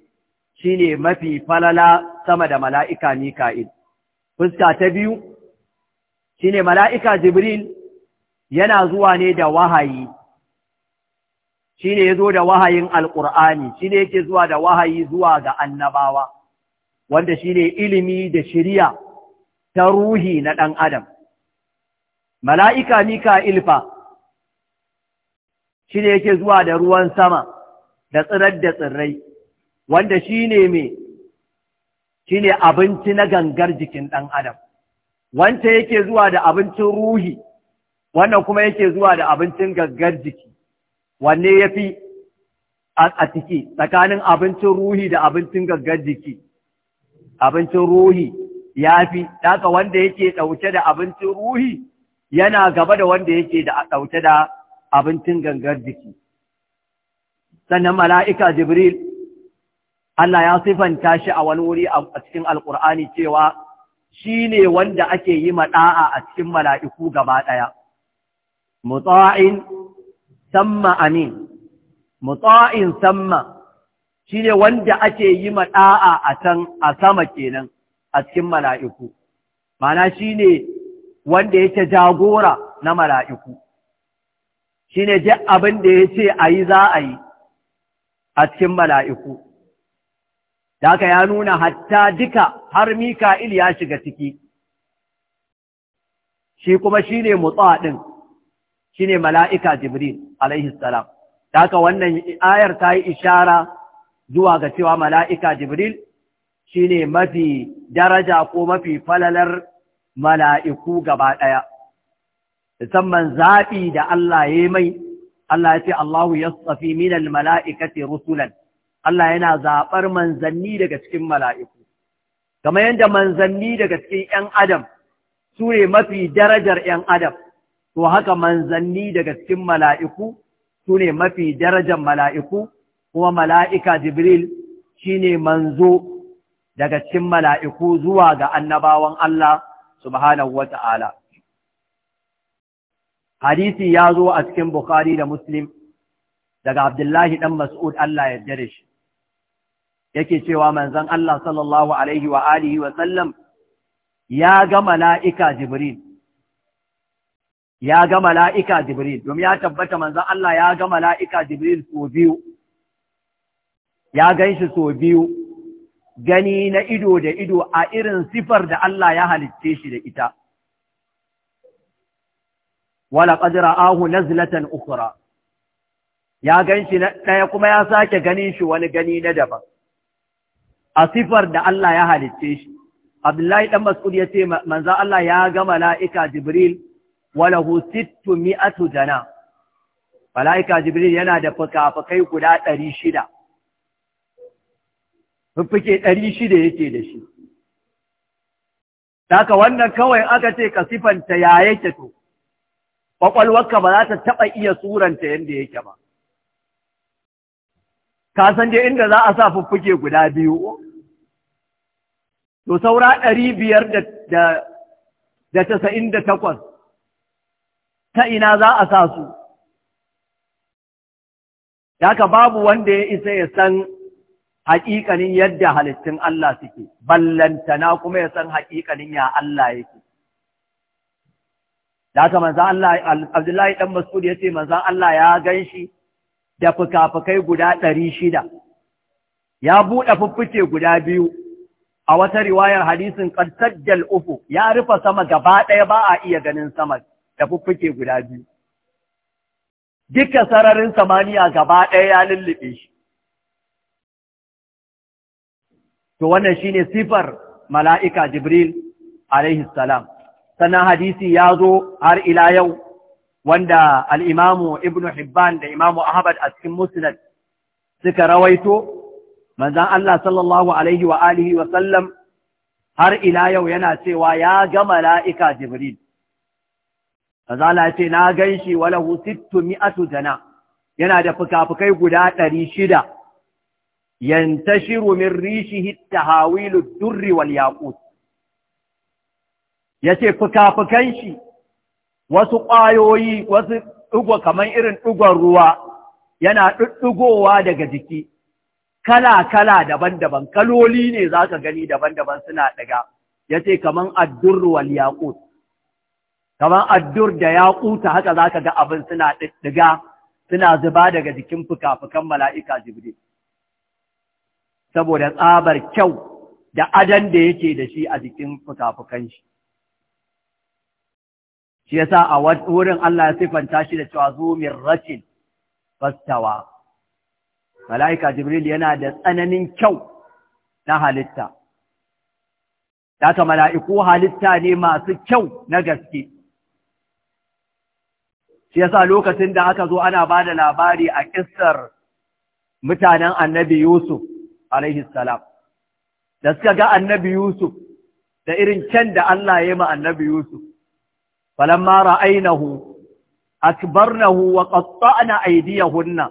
shi ne mafi falala sama da mala'ika Mika'il. Fuska ta biyu shi ne mala'ika Jibril yana zuwa ne da wahayi, Shi ne ya zo da wahayin Al'ur'ani, ne yake zuwa da wahayi zuwa ga annabawa, wanda shi ne ilimi da shirya ta ruhi na ɗan Adam. Mala'ika Mika'il fa, shi ne yake zuwa da ruwan sama. da tsirar da tsirrai wanda shine me ne abinci na gangar jikin ɗan adam wanda yake zuwa da abincin ruhi wannan kuma yake zuwa da abincin gangar jiki wanne ya fi a ciki tsakanin abincin ruhi da abincin gangar jiki abincin ruhi ya fi. daga wanda yake ɗauke da abincin ruhi yana gaba da wanda yake da ɗauke da abincin gangar jiki sannan mala'ika Jibril Allah ya sifanta shi a wani wuri a cikin Alƙur'ani cewa shi ne wanda ake yi maɗa'a a cikin mala'iku gaba ɗaya. Mutsa'in samma amin, mutsa'in samma shi ne wanda ake yi maɗa'a a can a sama kenan a cikin mala'iku, mana shi ne wanda yake jagora na mala'iku, shi ne abin da ya ce a yi za a yi. a cikin mala'iku. Da aka ya nuna hatta duka har Mika'il ya shiga ciki, shi kuma shi ne ɗin, shi ne mala'ika Jibril, alaihi salam. Da aka wannan ayar ta yi ishara zuwa ga cewa mala'ika Jibril shi ne mafi daraja ko mafi falalar mala'iku gaba ɗaya, musamman zaɓi da Allah ya yi mai Allah ya ce Allahu yastafi minal mala'ikati rusulan Allah yana zaɓar manzanni daga cikin mala'iku kamar yadda manzanni daga cikin ‘yan adam su ne mafi darajar ‘yan adam to haka manzanni daga cikin mala'iku su ne mafi darajar mala'iku kuma mala'ika jibril shine manzo daga cikin mala'iku zuwa ga annabawan Allah subhanahu hadisi ya zo a cikin Bukhari da Muslim daga Abdullahi ɗan Mas'ud Allah ya dare shi, yake cewa manzan Allah sallallahu Alaihi wa alihi wa sallam ya ga mala'ika Jibril, ya ga mala'ika Jibril, domin ya tabbata manzan Allah ya ga mala'ika Jibril so biyu, ya gan shi so biyu, gani na ido da ido a irin sifar da Allah ya halicce shi da ita. wala qadra ahu nazlatan ukhra ya ganshi na daya kuma ya sake ganin shi wani gani na daban a sifar da Allah ya halicce shi Abdullahi dan Mas'ud ya ce manzo Allah ya ga mala'ika Jibril wala hu mi'atu jana mala'ika Jibril yana da fuka-fukai guda 600 fuffuke 600 yake da shi Daka wannan kawai aka ce kasifanta sifanta ya yake to, ƙwaƙwalwarka ba za ta taɓa iya suranta yadda yake ba. Ka san dai inda za a sa fuffuke guda biyu, to saura ɗari biyar da tasa'in da takwas ta ina za a sa su. Daka babu wanda ya isa ya san haƙiƙanin yadda halittun Allah suke, ballantana kuma ya san haƙiƙanin ya Allah yake. da haka manzan Allah Abdullahi dan Mas'ud ya ce manzan Allah ya ganshi da fukafukai guda ɗari shida ya buɗe fuffuke guda biyu a wata riwayar hadisin qaddajjal ufu ya rufe sama gaba ɗaya ba a iya ganin sama da fuffuke guda biyu duka sararin samaniya gaba ɗaya ya lullube shi to wannan shine sifar mala'ika Jibril alaihi salam sannan hadisi ya zo har ila yau wanda al'imamu ibn Hibban da imamu Ahmad a cikin Musnad suka rawaito, manzan Allah sallallahu Alaihi wa alihi har ila yau yana cewa ya ga mala'ika Jibril. na ce, Na gan shi wala husittu mi'atu jana, yana da fuka-fukai guda ɗari shida, yanta shiru min rishi hita hawilu durri wal yaƙut. ya ce fuka-fukan shi wasu ƙwayoyi wasu ɗigo kamar irin ɗigon ruwa yana ɗuɗɗugowa daga jiki kala-kala daban-daban kaloli ne za ka gani daban-daban suna ɗaga ya ce kamar addur wal yaƙut kamar addur da yaƙuta haka za ka ga abin suna ɗiga suna zuba daga jikin fuka-fukan mala'ika jibri saboda tsabar kyau da adan da yake da shi a jikin fuka-fukan shi shi yasa a wurin Allah ya sifanta shi da cewa zumir rashin fastawa malaika jibril yana da tsananin kyau na halitta Daka mala'iku halitta ne masu kyau na gaske. Shi yasa lokacin da aka zo ana ba da labari a kistar mutanen annabi Yusuf, salam. da suka ga annabi Yusuf da irin can da Allah ya yi ma annabi Yusuf, falamma ra'ainahu akbarnahu wa aidiya aydiyahunna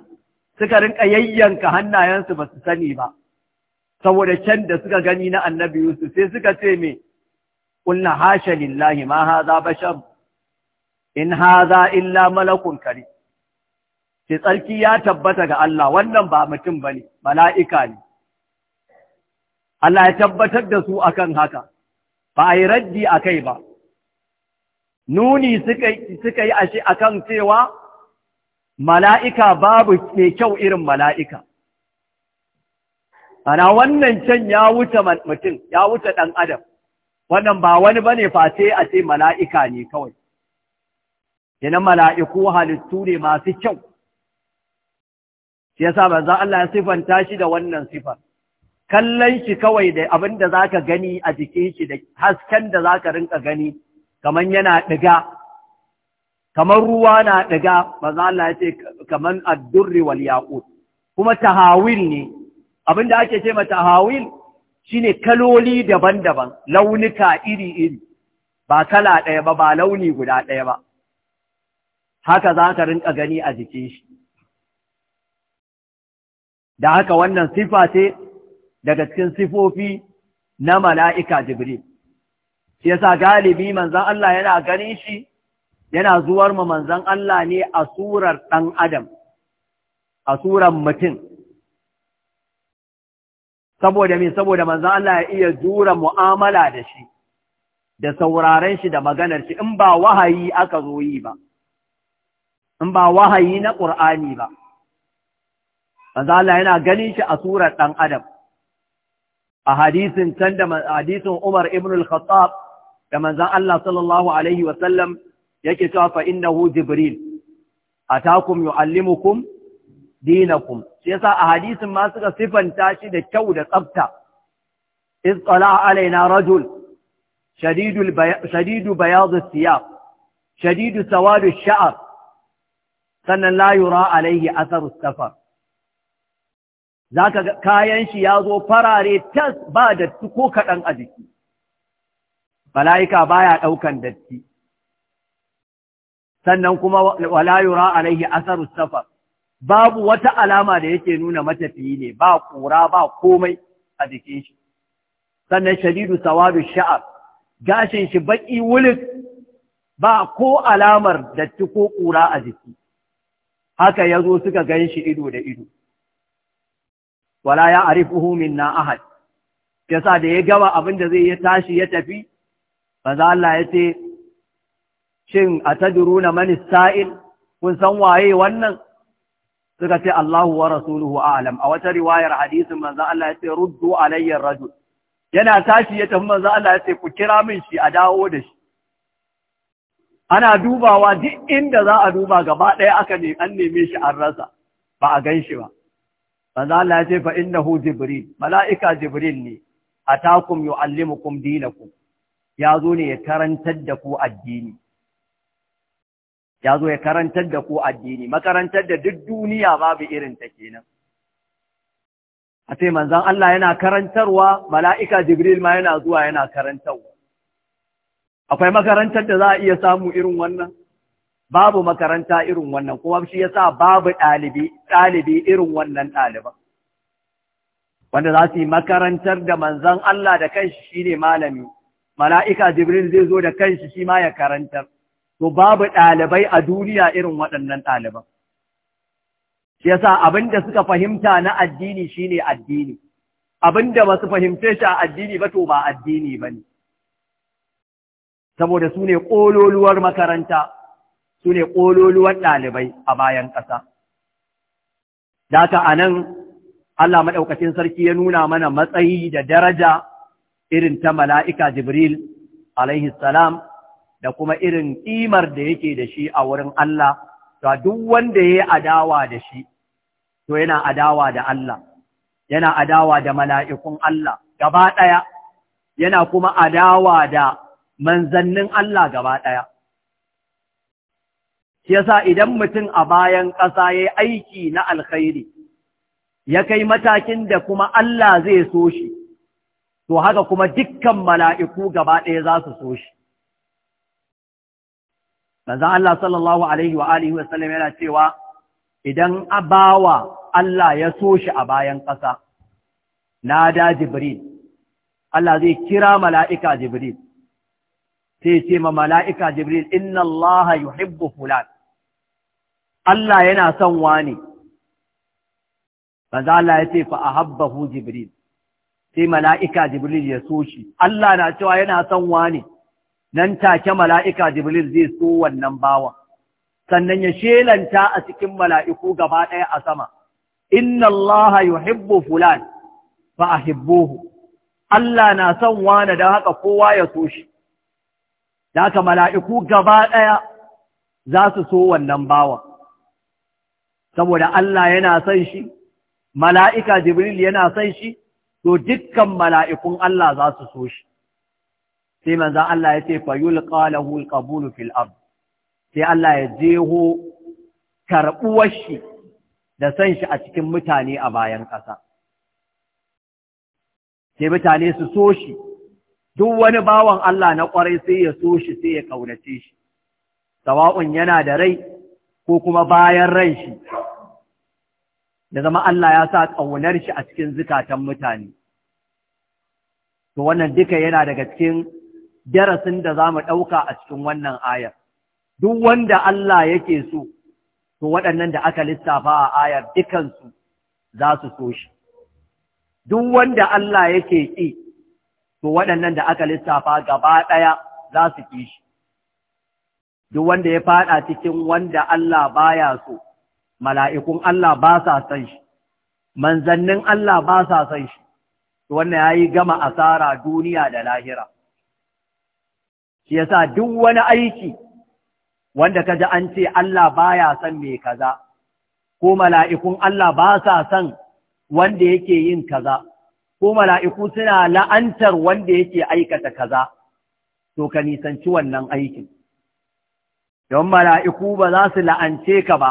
suka rinka yayyanka hannayensu ba su sani ba saboda can da suka gani na annabi Yusuf sai suka ce me qulna hasha lillahi ma hadha bashar in hadha illa malakun kare. sai tsarki ya tabbata ga Allah wannan ba mutum bane mala'ika ne Allah ya tabbatar da su akan haka ba a yi raddi a kai ba nuni suka yi ashe akan cewa mala'ika babu ke kyau irin mala'ika ana wannan can ya wuce mutum ya wuce ɗan adam wannan ba wani bane face a ce mala'ika ne kawai ina mala'iku halittu ne masu kyau shi yasa manzo Allah ya sifanta shi da wannan siffar. kallon shi kawai da abin da ka gani a jikin shi da hasken da za ka rinka gani kaman yana ɗiga kamar ruwa na ɗiga maza Allah ya ce kaman addurri wal yaqut kuma tahawil ne abinda ake ce ma tahawil shine kaloli daban-daban launuka iri-iri ba kala ɗaya ba ba launi guda ɗaya ba haka za ka rinka gani a jikin shi da haka wannan sifa ce daga cikin sifofi na mala'ika jibril shi yasa galibi manzan Allah yana ganin shi yana zuwar ma manzan Allah ne a surar ɗan adam a surar mutum saboda me saboda manzan Allah ya iya jura mu'amala da shi da sauraren shi da maganar shi in ba wahayi aka zo yi ba in ba wahayi na ƙur'ani ba Manzan Allah yana ganin shi a surar ɗan adam a hadisin can da hadisin Umar ibn al-Khattab da manzon Allah sallallahu alaihi wa sallam yake cewa fa innahu jibril atakum yuallimukum dinakum shi yasa a hadisin ma suka sifanta shi da kyau da tsafta iz qala alaina rajul shadidu bayad as-siyab shadidu sawad ash-sha'r sannan la yura alaihi atharu as-safar zaka kayan shi yazo farare tas ba da ko kadan a jiki mala'ika baya ɗaukan datti sannan kuma wala yura alaihi asarus safar babu wata alama da yake nuna matafiyi ne ba kura ba komai a jikin shi sannan shadidu sawadu sha'ar gashin shi baki wulik ba ko alamar datti ko kura a jiki haka ya zo suka ganshi ido da ido wala ya arifuhu na ahad yasa da ya gaba abinda zai ya tashi ya tafi manzo Allah ya ce shin atadruna man sa'il kun san waye wannan suka ce Allahu wa rasuluhu a'lam a wata riwayar hadisin manzo Allah ya ce ruddu alayyar rajul yana tashi ya tafi manzo Allah ya ce ku kira min shi a dawo da shi ana dubawa duk inda za a duba gaba ɗaya aka ne an neme shi an rasa ba a gan shi ba manzo Allah ya ce fa innahu jibril mala'ika jibril ne A atakum yuallimukum dinakum ya zo ne ya karantar da ku addini ya zo ya karantar da ku addini makarantar da duk duniya babu irin ta kenan a ce manzon Allah yana karantarwa mala'ika jibril ma yana zuwa yana karantarwa akwai makarantar da za a iya samu irin wannan babu makaranta irin wannan kuma shi yasa babu ɗalibi irin wannan ɗaliban wanda za su yi makarantar da manzon Allah da kanshi shine malami mala'ika Jibril zai zo da kanshi shi ma ya karanta to babu ɗalibai a duniya irin waɗannan ɗaliban. Shi yasa abin da suka fahimta na addini shi ne addini, abin da ba su fahimce shi a addini ba to ba addini ba ne. Saboda su ne ƙololuwar makaranta, su ne ƙololuwar ɗalibai a bayan ƙasa. Daka a nan, Allah Maɗaukacin Sarki ya nuna mana matsayi da daraja irin ta mala'ika Jibril alaihi salam da kuma irin ƙimar da yake da shi a wurin Allah, to duk wanda ya adawa da shi, to yana adawa da Allah, yana adawa da mala'ikun Allah gaba ɗaya, yana kuma adawa da manzannin Allah gaba ɗaya. Shi yasa idan mutum a bayan ƙasa ya aiki na alkhairi, ya kai matakin da kuma Allah zai so shi. to haka kuma dukkan mala'iku gaba ɗaya za su so shi. Manzan Allah sallallahu Alaihi wa'alihi wasallam yana cewa, Idan abawa Allah ya so shi a bayan ƙasa, na da Jibril, Allah zai kira mala'ika Jibril, sai ce ma mala'ika Jibril, Inna Allah yuhibbu fulan, Allah yana son wani, Manzan Allah ya ce fa a habbahu Jibril. sai mala'ika Jibril ya so shi, Allah na cewa yana son ne nan take mala'ika Jibril zai so wannan bawa. sannan ya shelanta a cikin mala'iku gaba ɗaya a sama, Inna Allah yuhibbu fulan ba a hibbohu, Allah na son wane don haka kowa ya so shi, da haka mala'iku gaba ɗaya za su so wannan bawa. saboda Allah yana son shi, mala'ika Jibril yana son shi, to dukkan mala'ikun Allah za su so shi sai manza Allah ya ce fa yulqa lahu fil ab. sai Allah ya jeho karɓuwar shi da san shi a cikin mutane a bayan ƙasa sai mutane su so shi duk wani bawan Allah na ƙwarai sai ya so shi sai ya ƙaunace shi sawa'un yana da rai ko kuma bayan ran shi da zama Allah ya sa ƙaunar shi a cikin zukatan mutane. to wannan duka yana daga cikin darasin da za mu ɗauka a cikin wannan ayar duk wanda Allah yake so to waɗannan da aka lissafa a ayar dukansu za su so shi duk wanda Allah yake ƙi to waɗannan da aka lissafa gaba ɗaya za su ƙi shi duk wanda ya faɗa cikin wanda Allah baya so mala'ikun Allah ba sa san shi manzannin Allah ba sa san shi wannan ya yi gama asara duniya da lahira shi sa duk wani aiki wanda ka ji an ce Allah baya son mai kaza ko mala'ikun Allah ba sa son wanda yake yin kaza ko mala'iku suna la'antar wanda yake aikata kaza to ka nisanci wannan aikin don mala'iku ba za su la'ance ka ba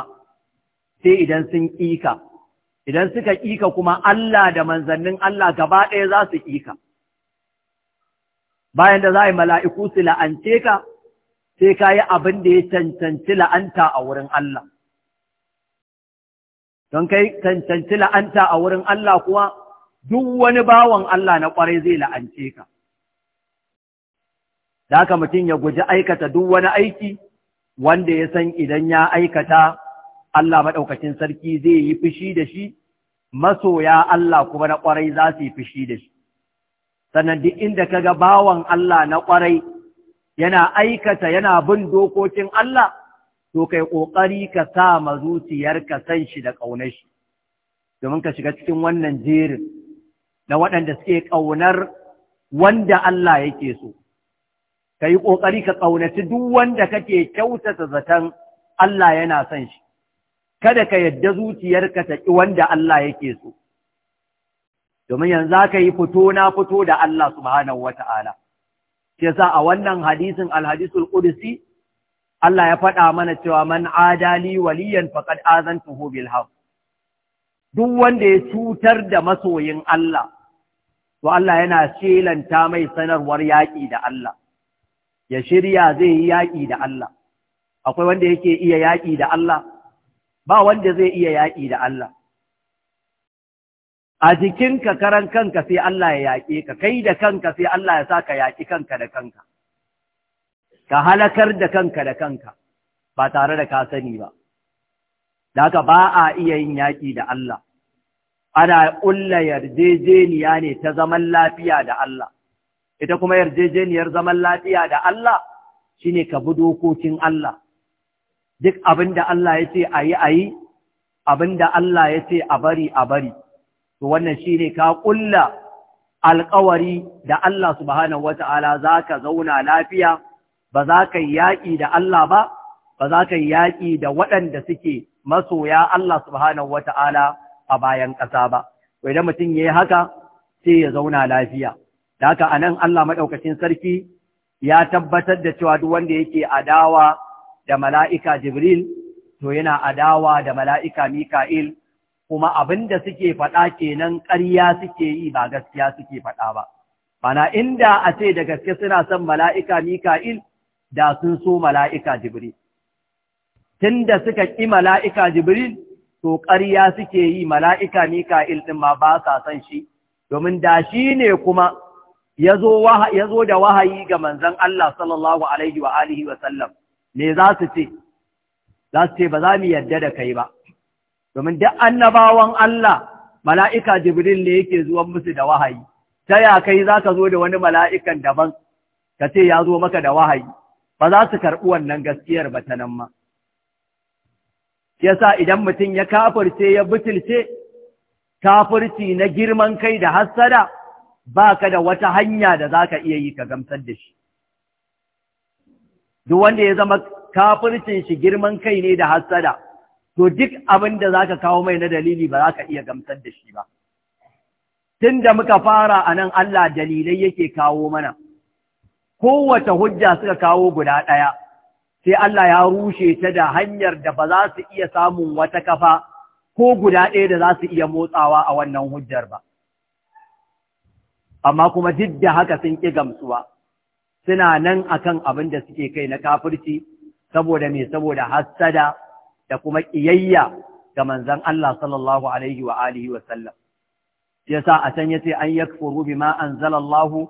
sai idan sun ƙi ka idan suka ƙika kuma Allah da manzannin Allah gaba ɗaya za su ƙika bayan da za a yi mala'iku su la'ance ka sai ka yi abin da ya cancanci la'anta a wurin Allah don kai cancanci la'anta a wurin Allah kuma, duk wani bawan Allah na ƙwarai zai la'ance ka da haka mutum ya guji aikata duk wani aiki wanda ya san idan ya aikata Allah maɗaukacin sarki zai yi fushi da shi, masoya Allah kuma na ƙwarai za su yi fushi da shi. Sannan duk inda ka ga bawan Allah na ƙwarai yana aikata yana bin dokokin Allah, to kai ƙoƙari ka sa ma zuciyar ka san shi da ƙaunar shi, domin ka shiga cikin wannan jerin na waɗanda suke ƙaunar wanda Allah yake so. Ka yi ƙoƙari ka ƙaunaci duk wanda kake kyautata zaton Allah yana son shi. kada ka yadda zuciyarka ta ƙi wanda Allah yake so domin yanzu za ka yi fito na fito da Allah subhanahu wata'ala Ke sa a wannan hadisin alhadisul ƙudusi Allah ya faɗa mana cewa man adali waliyan faqad azan bil haqq duk wanda ya cutar da masoyin Allah to Allah yana shelanta mai sanarwar yaƙi da Allah ya shirya zai yi yaƙi da Allah akwai wanda yake iya yaƙi da Allah ba wanda zai iya yaƙi da Allah a jikinka karan kanka sai Allah ya yaƙe ka kai da kanka sai Allah ya sa ka yaƙi kanka da kanka ka halakar da kanka da kanka ba tare da ka sani ba da haka ba a iya yin yaƙi da Allah ana ƙulla yarjejeniya ne ta zaman lafiya da Allah ita kuma yarjejeniyar zaman lafiya da Allah shine ka bi dokokin Allah duk abin da Allah ya ce a yi a yi abin da Allah ya ce a bari a bari to wannan shi ne ka ƙulla alƙawari da Allah subhanahu ta'ala za ka zauna lafiya ba za ka yi yaƙi da Allah ba ba za ka yi yaƙi da waɗanda suke masoya Allah subhanahu wata'ala a bayan ƙasa ba Wai da mutum ya yi haka sai ya zauna lafiya da haka anan Allah maɗaukacin sarki ya tabbatar da cewa duk wanda yake adawa da mala'ika Jibril, to yana adawa da mala'ika Mika'il, kuma abin da suke faɗa kenan ƙarya suke yi ba gaskiya suke faɗa ba. Bana inda a ce da gaske suna son mala'ika Mika'il da sun so mala'ika Jibril. Tun da suka ƙi mala'ika Jibril, to ƙarya suke yi mala'ika Mika'il ɗin ma ba sa son shi, domin da shi ne kuma ya zo da wahayi ga manzan Allah sallallahu Alaihi wa sallam. me za su ce za su ce ba za mu yarda da kai ba domin duk annabawan Allah mala'ika Jibril ne yake zuwa musu da wahayi ta ya kai za ka zo da wani mala'ikan daban ka ce ya zo maka da wahayi ba za su karɓi wannan gaskiyar ba ta nan ma yasa idan mutum ya kafirce ya butulce kafirci na girman kai da hassada ba ka da wata hanya da za ka iya yi ka gamsar da shi duk wanda ya zama kafircin shi girman kai ne da hasada to duk abin da za ka kawo mai na dalili ba za ka iya gamsar da shi ba tun da muka fara a nan Allah dalilai yake kawo mana kowace hujja suka kawo guda ɗaya sai Allah ya rushe ta da hanyar da ba za su iya samun wata kafa ko guda ɗaya da za su iya motsawa a wannan hujjar ba amma kuma duk da haka sun ƙi gamsuwa suna nan akan abin da suke kai na kafirci saboda me saboda hassada da kuma ƙiyayya ga manzon Allah sallallahu alaihi wa alihi wa sallam yasa a can yace an yakfuru bima anzala Allah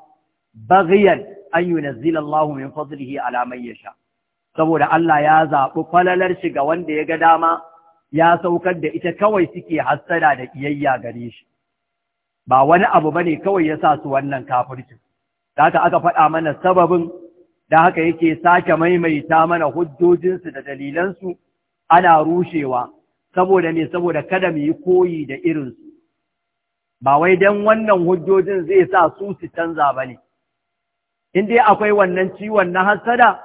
baghiyan an yunzila Allah min fadlihi ala man yasha saboda Allah ya zaɓi falalar shi ga wanda ya ga dama ya saukar da ita kawai suke hassada da ƙiyayya gare shi ba wani abu bane kawai yasa su wannan kafircin da haka aka faɗa mana sababin da haka yake sake maimaita mana hujjojinsu da dalilansu ana rushewa saboda ne saboda kada mu yi koyi da irinsu ba wai don wannan hujjojin zai sa su su canza ba ne in dai akwai wannan ciwon na hasada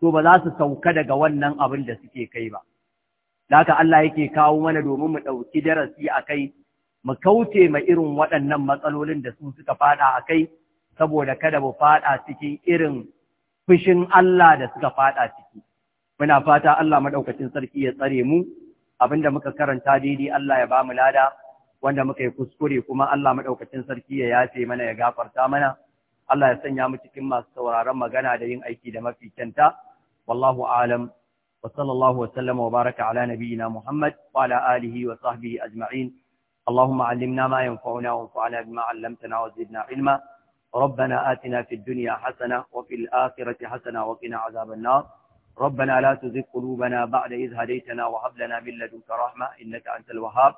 to ba za su sauka daga wannan abin da suke kai ba da haka Allah yake kawo mana domin mu ɗauki darasi a kai mu kauce ma irin waɗannan matsalolin da su suka faɗa a kai saboda kada mu fada cikin irin fushin Allah da suka fada ciki muna fata Allah maɗaukacin sarki ya tsare mu abinda muka karanta daidai Allah ya bamu lada wanda muka yi kuskure kuma Allah maɗaukacin sarki ya yafe mana ya gafarta mana Allah ya sanya mu cikin masu sauraron magana da yin aiki da mafi kyanta wallahu a'lam wa sallallahu wa sallama wa baraka ala nabiyyina Muhammad wa ala alihi wa sahbihi ajma'in ma علمنا ما ينفعنا وانفعنا بما علمتنا وزدنا ilma. ربنا آتنا في الدنيا حسنة وفي الآخرة حسنة وقنا عذاب النار ربنا لا تزغ قلوبنا بعد إذ هديتنا وهب لنا من لدنك رحمة إنك أنت الوهاب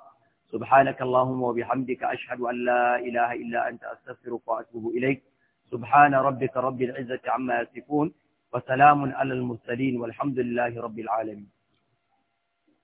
سبحانك اللهم وبحمدك أشهد أن لا إله إلا أنت أستغفرك وأتوب إليك سبحان ربك رب العزة عما يصفون وسلام على المرسلين والحمد لله رب العالمين